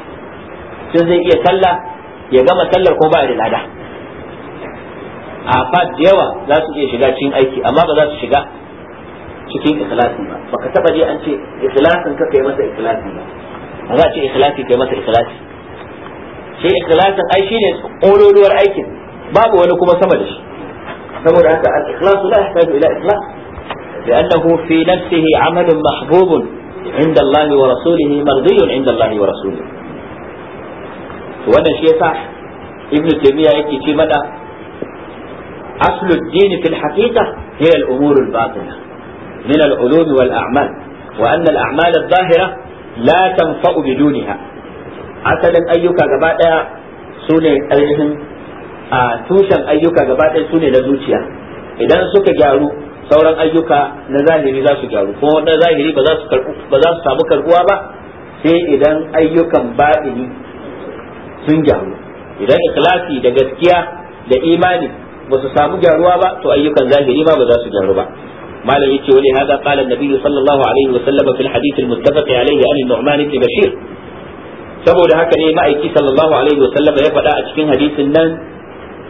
Sai zai iya sallah ya gama sallar ko ba da lada a da yawa za su iya shiga cikin aiki amma ba za su shiga cikin ikhlasi ba baka taba je an ce ikhlasin ka kai masa ikhlasi ba ba za a ce ikhlasi kai masa ikhlasi shi ikhlasin ai shine kololuwar aikin babu wani kuma sama da shi saboda haka al-ikhlasu la yahtaju ila ikhlas لأنه في نفسه عمل محبوب عند الله ورسوله مرضي عند الله ورسوله wannan shi yasa ibn taymiya yake ce mana aslu ad-din fi al-haqiqa hiya al-umur al-batina min al-ulum wal a'mal wa anna al-a'mal adh-dhahira la tanfa'u bidunha asalin ayyuka gaba daya sune ainihin a tushen ayyuka gaba daya sune na zuciya idan suka gyaru sauran ayyuka na zahiri za su gyaru kuma na zahiri ba za su samu karbuwa ba sai idan ayyukan baɗini sun gyaru idan ikhlasi da gaskiya da imani ba su samu gyaruwa ba to ayyukan zahiri ma ba za su gyaru ba malam yace wani hada qala annabi sallallahu alaihi wa sallam fil hadith al muttafaq alaihi an nu'man ibn bashir saboda haka ne ma'aiki sallallahu alaihi wa sallam ya faɗa a cikin hadisin nan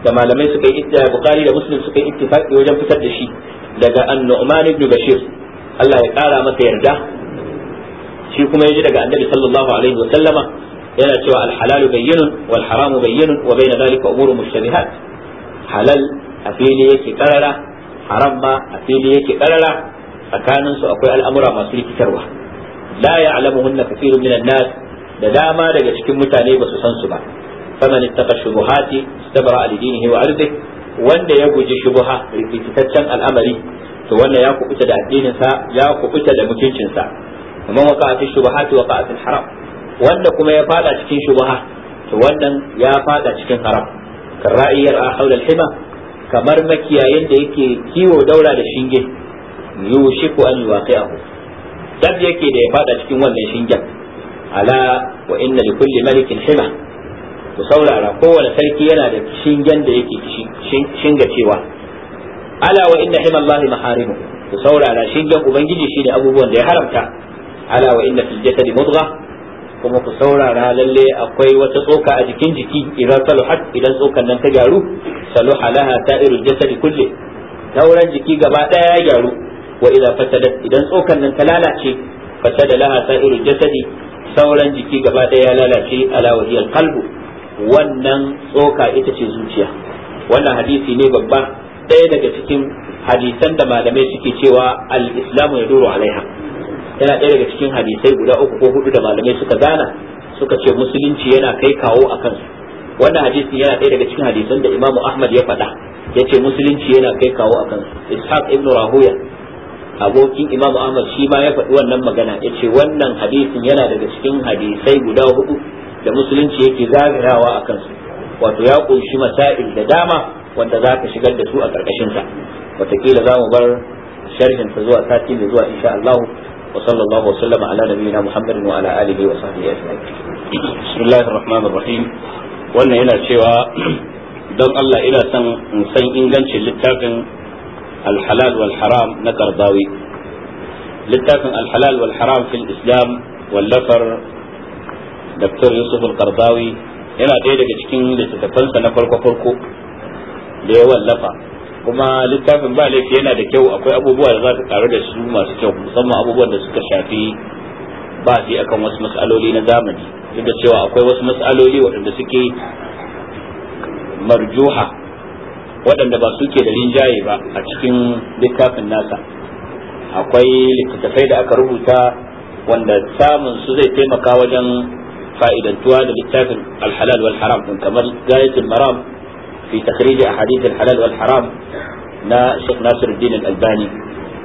da malamai suka yi bukari da muslim suka yi ittifaqi wajen fitar da shi daga an-nu'man ibn bashir Allah ya kara masa yarda shi kuma ya ji daga annabi sallallahu alaihi wa sallama yana cewa alhalalu bayyinun wal haramu bayyinun wa bayna dhalika umurun mushtabihat halal a fili yake karara haram ma a fili yake karara tsakanin su akwai al'amura masu rikitarwa la ya'lamuhunna kathirun minan nas da dama daga cikin mutane ba su san su ba faman ittaqa shubuhati istabra li dinihi wa ardihi wanda ya guji shubuha rikitaccen al'amari to wannan ya kubuta da addinin sa ya kubuta da mutuncinsa sa amma waqa'atish shubuhati waqa'atil haram wanda kuma ya fada cikin shubha to wannan ya fada cikin haram kan ra'iyar a haula hima kamar makiyayin da yake kiwo daura da shinge yushiku an waqi'ahu dab yake da ya fada cikin wannan shingen ala wa inna li kulli malikin hima ku saurara kowane sarki yana da shingen da yake shinga cewa. ala wa inna himallahi maharimu ku saurara shingen ubangiji shine abubuwan da ya haramta ala wa inna fil jasadi mudghah kuma ku saurara lalle akwai wata tsoka a jikin jiki idan saluhat idan tsokan nan ta gyaru saluha laha sa'irul jasadi kulle, sauran jiki gaba daya ya gyaru wa idza fasadat idan tsokan nan ta lalace fasada laha sa'irul jasadi sauran jiki gaba daya ya lalace ala wahiyal qalbu wannan tsoka ita ce zuciya wannan hadisi ne babba ɗaya daga cikin hadisan da malamai suke cewa al-islamu yaduru alaiha yana ɗaya daga cikin hadisai guda uku ko hudu da malamai suka gana suka ce musulunci yana kai kawo a kansu wannan hadisi yana ɗaya daga cikin hadisan da imamu ahmad ya faɗa ya ce musulunci yana kai kawo a kansu ishaq ibn rahuya abokin imamu ahmad shi ma ya faɗi wannan magana ya ce wannan hadisin yana daga cikin hadisai guda hudu da musulunci yake zagayawa a kansu wato ya ƙunshi masail da dama wanda za ka shigar da su a ƙarƙashinsa wataƙila za mu bar sharhinsa zuwa sati da zuwa insha Allah وصلى الله وسلم على نبينا محمد وعلى آله وصحبه أجمعين بسم الله الرحمن الرحيم wannan yana cewa don Allah ina son in san ingancin littafin alhalal wal haram na kardawi littafin alhalal wal haram fil islam wallafar dr yusuf al-kardawi yana ɗaya daga cikin littattafansa na farko-farko da ya wallafa kuma littafin ba laifi yana da kyau akwai abubuwa da za ka karu da su masu kyau musamman abubuwan da suka shafi ba akan wasu matsaloli na zamani duk da cewa akwai wasu matsaloli waɗanda suke marjuha waɗanda ba suke da rinjaye ba a cikin littafin nasa akwai littattafai da aka rubuta wanda samun su zai taimaka wajen fa'idantuwa da littafin alhalal wal haram kamar gayatul maram fi takhrij ahadith al-halal wal haram na Sheikh Nasiruddin Al-Albani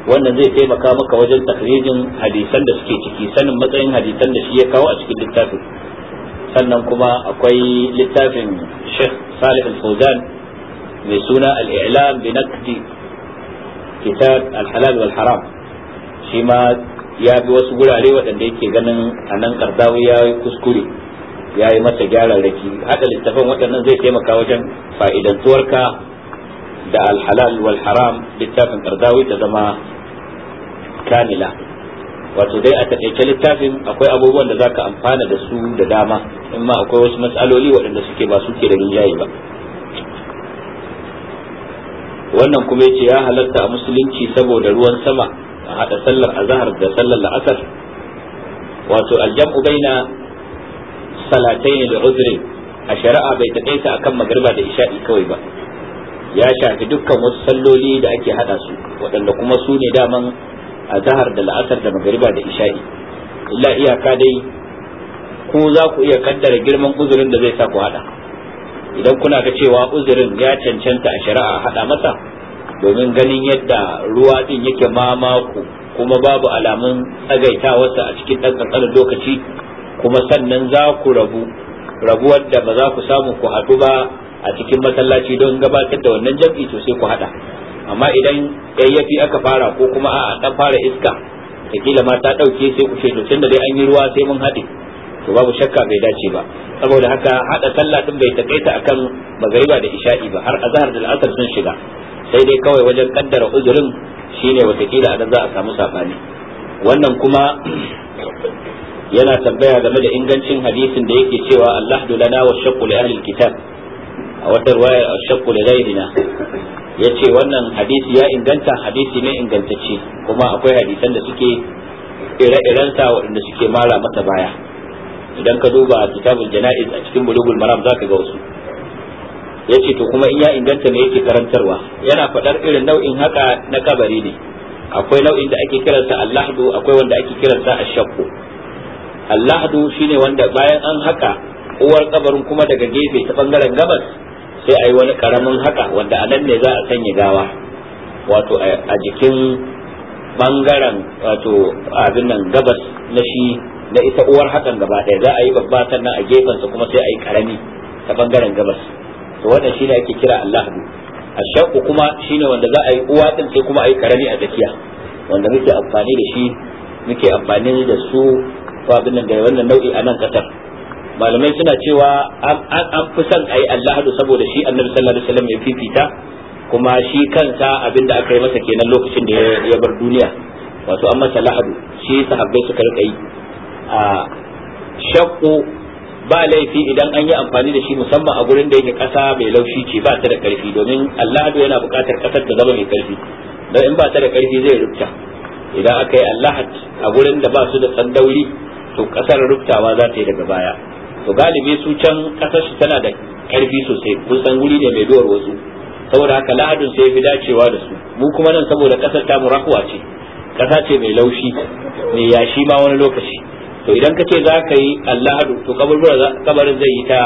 wannan zai taimaka maka wajen takrijin hadisan da suke ciki sanin matsayin hadisan da shi ya kawo a cikin littafin sannan kuma akwai littafin Sheikh Salih Al-Fawzan mai suna Al-I'lam bi naqdi kitab al-halal wal haram shi ma ya bi wasu gurare waɗanda yake ganin anan kardawi ya kuskure ya yi mata gyaran raki haɗa littafin waɗannan zai taimaka wajen fa'idantuwarka da alhalal wal haram littafin kardawi ta zama kamila wato dai a taƙaice littafin akwai abubuwan da za ka amfana da su da dama in ma akwai wasu matsaloli waɗanda suke ba suke da rinjaye ba wannan kuma ya ce ya halatta a musulunci saboda ruwan sama a haɗa sallar azahar da sallar la'asar wato aljam'u baina salataini da uzuri, a shari'a bai taƙaita akan magriba da isha'i kawai ba ya shafi dukkan wasu salloli da ake hada su waɗanda kuma su ne daman a da la'asar da magariba da isha'i illa iyaka dai ko za ku iya kaddara girman uzurin da zai sa ku hada idan kuna ga cewa uzurin ya cancanta a shari'a hada masa domin ganin yadda ruwa din yake mamaku kuma babu alamun tsagaitawarsa a cikin ɗan lokaci kuma sannan za ku rabu rabuwar da ba za ku samu ku haɗu ba a cikin masallaci don gabatar da wannan jam'i to sai ku haɗa amma idan yayyafi aka fara ko kuma a'a dan fara iska ta kila ma ta ɗauke sai ku ce to da dai an yi ruwa sai mun haɗe to babu shakka bai dace ba saboda haka haɗa sallah din bai takaita akan magariba da isha'i ba har azhar da al'asar sun shiga sai dai kawai wajen kaddara uzurin shine watakila nan za a samu sabani wannan kuma yana tambaya game da ingancin hadisin da yake cewa Allahu lana wa shakku li ahli kitab a wata riwaya shaqqu li ghayrina yace wannan hadisi ya inganta hadisi ne ingantacce kuma akwai hadisan da suke ire-iren sa waɗanda suke mara masa baya idan ka duba kitabul janaiz a cikin bulugul maram zaka ga wasu yace to kuma in ya inganta me yake karantarwa yana faɗar irin nau'in haka na kabari ne akwai nau'in da ake kiransa allahdu akwai wanda ake kiransa ashakku allahdu shine wanda bayan an haka uwar kabarin kuma daga gefe ta bangaren gabas sai a yi wani karamin haka wanda a nan ne za a sanya gawa wato a jikin bangaren wato abin nan gabas na shi na ita uwar hakan gaba ɗaya za a yi babba sannan a gefensa kuma sai a yi karami ta bangaren gabas to wannan shine ake kira allahdu ashaku kuma shine wanda za a yi uwa din sai kuma a yi karami a tsakiya wanda muke amfani da shi muke amfani da su ko abin nan da wannan nau'i a nan kasar malamai suna cewa an fi son a yi allahadu saboda shi annabi sallallahu alaihi wasallam ya fifita kuma shi kansa abin da aka yi masa kenan lokacin da ya bar duniya wato an masa lahadu shi sahabbai suka rika yi a shakku ba laifi idan an yi amfani da shi musamman a gurin da yake kasa mai laushi ce ba ta da karfi domin allahadu yana buƙatar kasar ta zama mai karfi don in ba ta da karfi zai rubuta idan aka yi allahad a gurin da ba su da tsandauri to kasar rubtawa za ta yi daga baya to galibi su can kasar shi tana da karfi sosai kun san guri ne mai duwar wasu saboda haka lahadin sai fi dacewa da su mu kuma nan saboda kasar ta murakuwa ce kasa ce mai laushi mai yashi ma wani lokaci to idan ka ce za ka yi allahadu to kabarin zai yi ta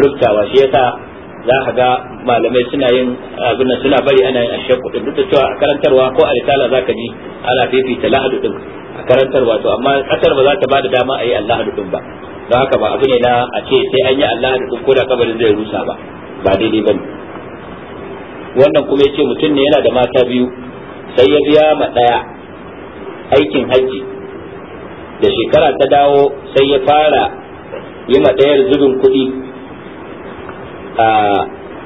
rubtawa shi yasa za ka ga malamai suna yin abin nan suna bari ana yin ashe kuɗi duk da cewa a karantarwa ko a risala za ka ji ana fifita lahadu din a karantarwa to amma kasar ba za ta bada dama a yi allahadu din ba don haka ba abu ne na a ce sai an yi allahadu din ko da kabarin zai rusa ba ba daidai ba ne wannan kuma ya ce mutum ne yana da mata biyu sai ya biya ma ɗaya aikin hajji da shekara ta dawo sai ya fara yi ma ɗayar zubin kuɗi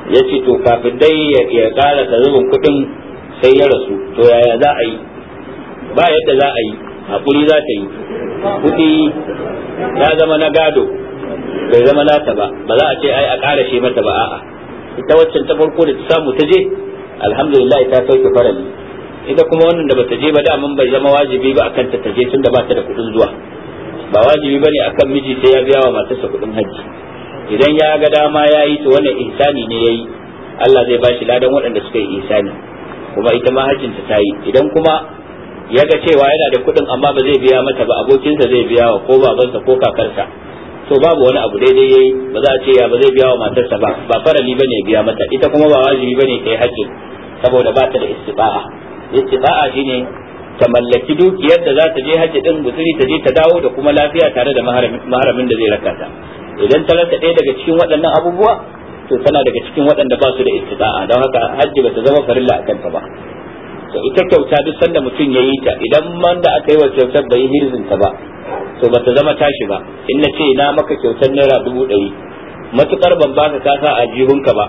ya ce to kafin dai ya ƙara ta zubin kuɗin sai ya rasu to yaya za a yi ba yadda za a yi Hakuri za ta yi kuɗi ya zama na gado bai zama nata ba ba za a ce ai a ƙara shi mata ba a'a ita waccan ta farko da ta samu ta je alhamdulillah ta sauke farali ita kuma wannan da bata je ba da daman bai zama wajibi ba akan ta je tunda ba ta da kuɗin zuwa ba wajibi ba ne akan miji sai ya biya wa matarsa kuɗin hajji idan ya ga dama ya yi to wannan ihsani ne ya yi Allah zai ba shi ladan waɗanda suka yi ihsani kuma ita ma hajjinta ta yi idan kuma ya ga cewa yana da kuɗin amma ba zai biya mata ba abokinsa zai biya wa ko babansa ko kakarsa to babu wani abu daidai yayi ba za a ce ya ba zai biya wa matarsa ba ba farali bane biya mata ita kuma ba wajibi bane kai haƙƙin saboda ba ta da istiba'a istiba'a shine ta mallaki dukiyar da za ta je hajji din gusuri ta je ta dawo da kuma lafiya tare da maharamin da zai rakata. idan ta rasa ɗaya daga cikin waɗannan abubuwa to tana daga cikin waɗanda ba su da istita'a don haka hajji ba ta zama farilla a kanta ba to ita kyauta duk sanda mutum ya yi ta idan man da aka yi wa kyautar bai yi ta ba to ba ta zama tashi ba in na ce na maka kyautar naira dubu ɗari matuƙar ban baka ka sa a jihunka ba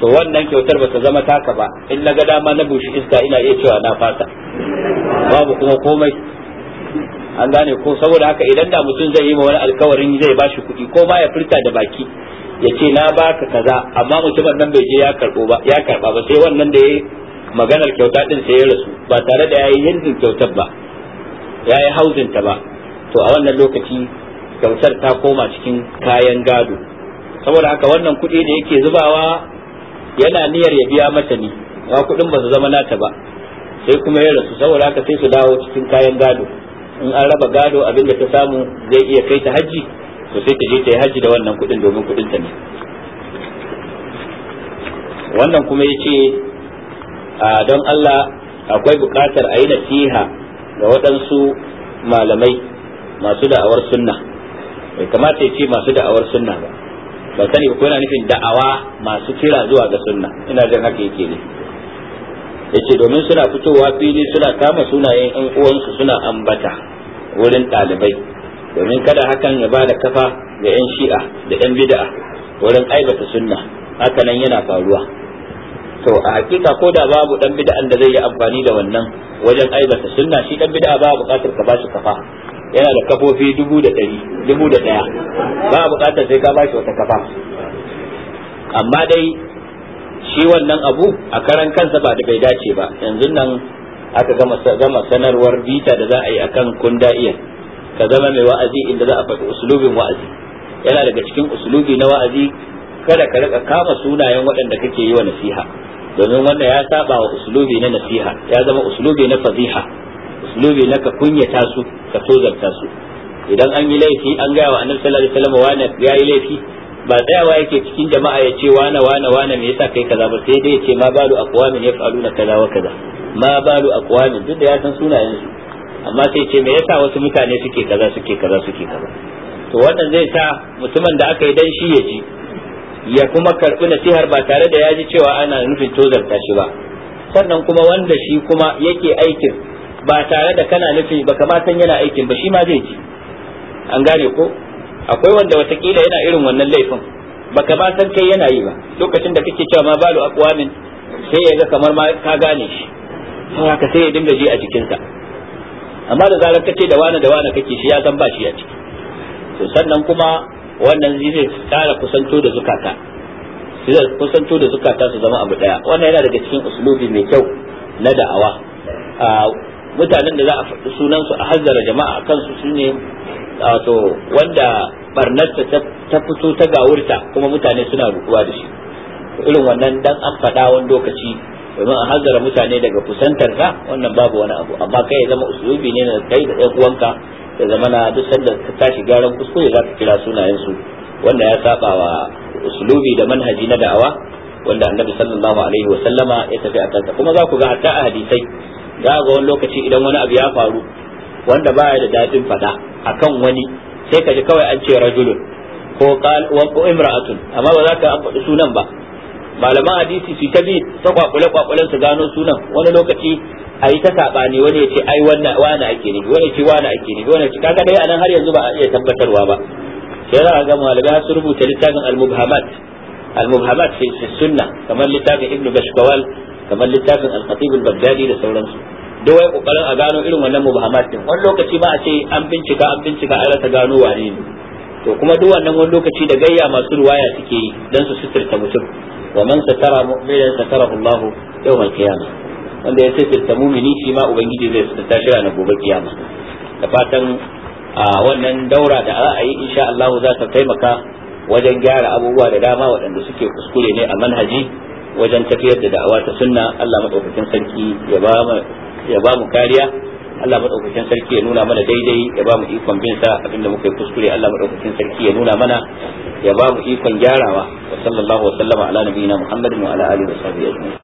to wannan kyautar ba ta zama taka ba in na ga dama na bushe iska ina iya cewa na fasa babu kuma komai an gane ko saboda haka idan da mutum zai yi ma wani alkawarin zai ba shi kuɗi ko ba ya furta da baki ya ce na baka kaza amma mutumin nan bai je ya karɓo ba ya karɓa ba sai wannan da ya maganar kyauta din sai ya rasu ba tare da yayi yanzu kyautar ba yayi hauzin ta ba to a wannan lokaci kyautar ta koma cikin kayan gado saboda haka wannan kuɗi da yake zubawa yana niyyar ya biya mata ne ba kuɗin ba su zama nata ba sai kuma ya rasu saboda haka sai su dawo cikin kayan gado in an raba gado abin da ta samu zai iya kai ta hajji to sai ta je ta yi hajji da wannan kuɗin domin kudin ta ne wannan kuma ya ce don Allah akwai buƙatar a yi nasiha ga waɗansu malamai masu da'awar sunna bai kamata ya ce masu da'awar sunna ba ba sani ko yana nufin da'awa masu kira zuwa ga sunna ina jin haka yake ne yace domin suna fitowa fili suna kama sunayen yan uwansu suna ambata wurin ɗalibai domin kada hakan ya bada kafa ga yan shi'a da yan bid'a wurin aibata sunna haka nan yana faruwa to a hakika ko da babu ɗan bid'an da zai yi amfani da wannan wajen aibata sunna shi dan bid'a ba buƙatar ka bashi kafa yana da kafofi dubu da ɗari dubu da ɗaya ba buƙatar sai ka bashi wata kafa amma dai shi wannan abu a karan kansa ba da bai dace ba yanzu nan aka gama sanarwar bita da za a yi akan kunda'iyar ka zama mai wa'azi inda za a faɗi usulubin wa'azi yana daga cikin usulubi na wa'azi kada ka rika kama sunayen waɗanda kake yi wa nasiha domin wannan ya saba wa usulubi na nasiha ya zama usulubi na faziha usulubi na ka kunyata su ka tozarta su idan an yi laifi an gaya wa annabi sallallahu alaihi wasallam ya yi laifi ba tsayawa yake cikin jama'a ya ce wane wane wane me yasa kai kaza ba sai dai ya ce ma balu aqwamin na kaza wa kaza ma balu aqwamin duk da ya san sunayen su amma sai ce me yasa wasu mutane suke kaza suke kaza suke kaza to wannan zai sa mutumin da aka yi dan shi ya ji ya kuma karbi nasihar ba tare da ya ji cewa ana nufin tozarta shi ba sannan kuma wanda shi kuma yake aikin ba tare da kana nufi ba san yana aikin ba shi ma zai ji an gane ko akwai wanda watakila yana irin wannan laifin baka ba san kai yana yi ba lokacin da kake cewa ma balu aqwamin sai ya ga kamar ma ka gane shi haka sai ya dinga ji a jikinsa amma da zarar kace da wani da wani kake shi ya san ba shi a ciki to sannan kuma wannan zai tsara kusanto da zukata zai kusanto da zukata su zama abu daya wannan yana daga cikin uslubi mai kyau na da'awa ah, mutanen da za a faɗi sunansu a hazzara jama'a a kansu su ne wato wanda barnarsa ta fito ta gawurta kuma mutane suna rukuwa da shi irin wannan dan an faɗa wani lokaci domin a hanzara mutane daga kusantar ka wannan babu wani abu amma kai ya zama usulubi ne na kai da ɗan uwanka da zamana duk sanda ka tashi gyaran kuskure za ka kira sunayensu wanda ya saba wa usulubi da manhaji na da'awa wanda annabi sallallahu alaihi wa sallama ya tafi a kansa kuma za ku ga hatta a hadisai za ga wani lokaci idan wani abu ya faru wanda ba da faɗa a akan wani sai ka ji kawai an ce rajulun ko imra'atun amma ba za ka an faɗi sunan ba malaman hadisi su ta bi ta kwakule kwakulen su gano sunan wani lokaci a yi ta sabani wani ya ce ai wannan wani ake ne wani ce wani ake ne wani ce kaga dai anan har yanzu ba a iya tabbatarwa ba sai za a ga malamai su rubuta littafin al-mubhamat al-mubhamat fi sunna kamar littafin ibnu bashkawal kamar littafin al-khatib al-baghdadi da sauransu duk wai kokarin a gano irin wannan mubahamat din wani lokaci ba a ce an bincika an bincika an rasa gano wane ne to kuma duk wannan wani lokaci da gayya masu ruwaya suke yi dan su sitirta mutum wa man satara mu'minan satara Allah yawmal kiyama wanda ya sitirta mu'mini shi ma ubangiji zai ta shi na gobe kiyama da fatan a wannan daura da za a yi insha Allah za ta taimaka wajen gyara abubuwa da dama waɗanda suke kuskure ne a manhaji wajen tafiyar da da'awa ta sunna Allah madaukakin sarki ya ba ya ba mu kariya Allah madaukakin sarki ya nuna mana daidai ya ba mu ikon bin sa abinda muka yi kuskure Allah madaukakin sarki ya nuna mana ya ba mu ikon gyarawa wa sallallahu wa sallama ala nabiyina Muhammadin wa ala alihi wa sahbihi ajma'in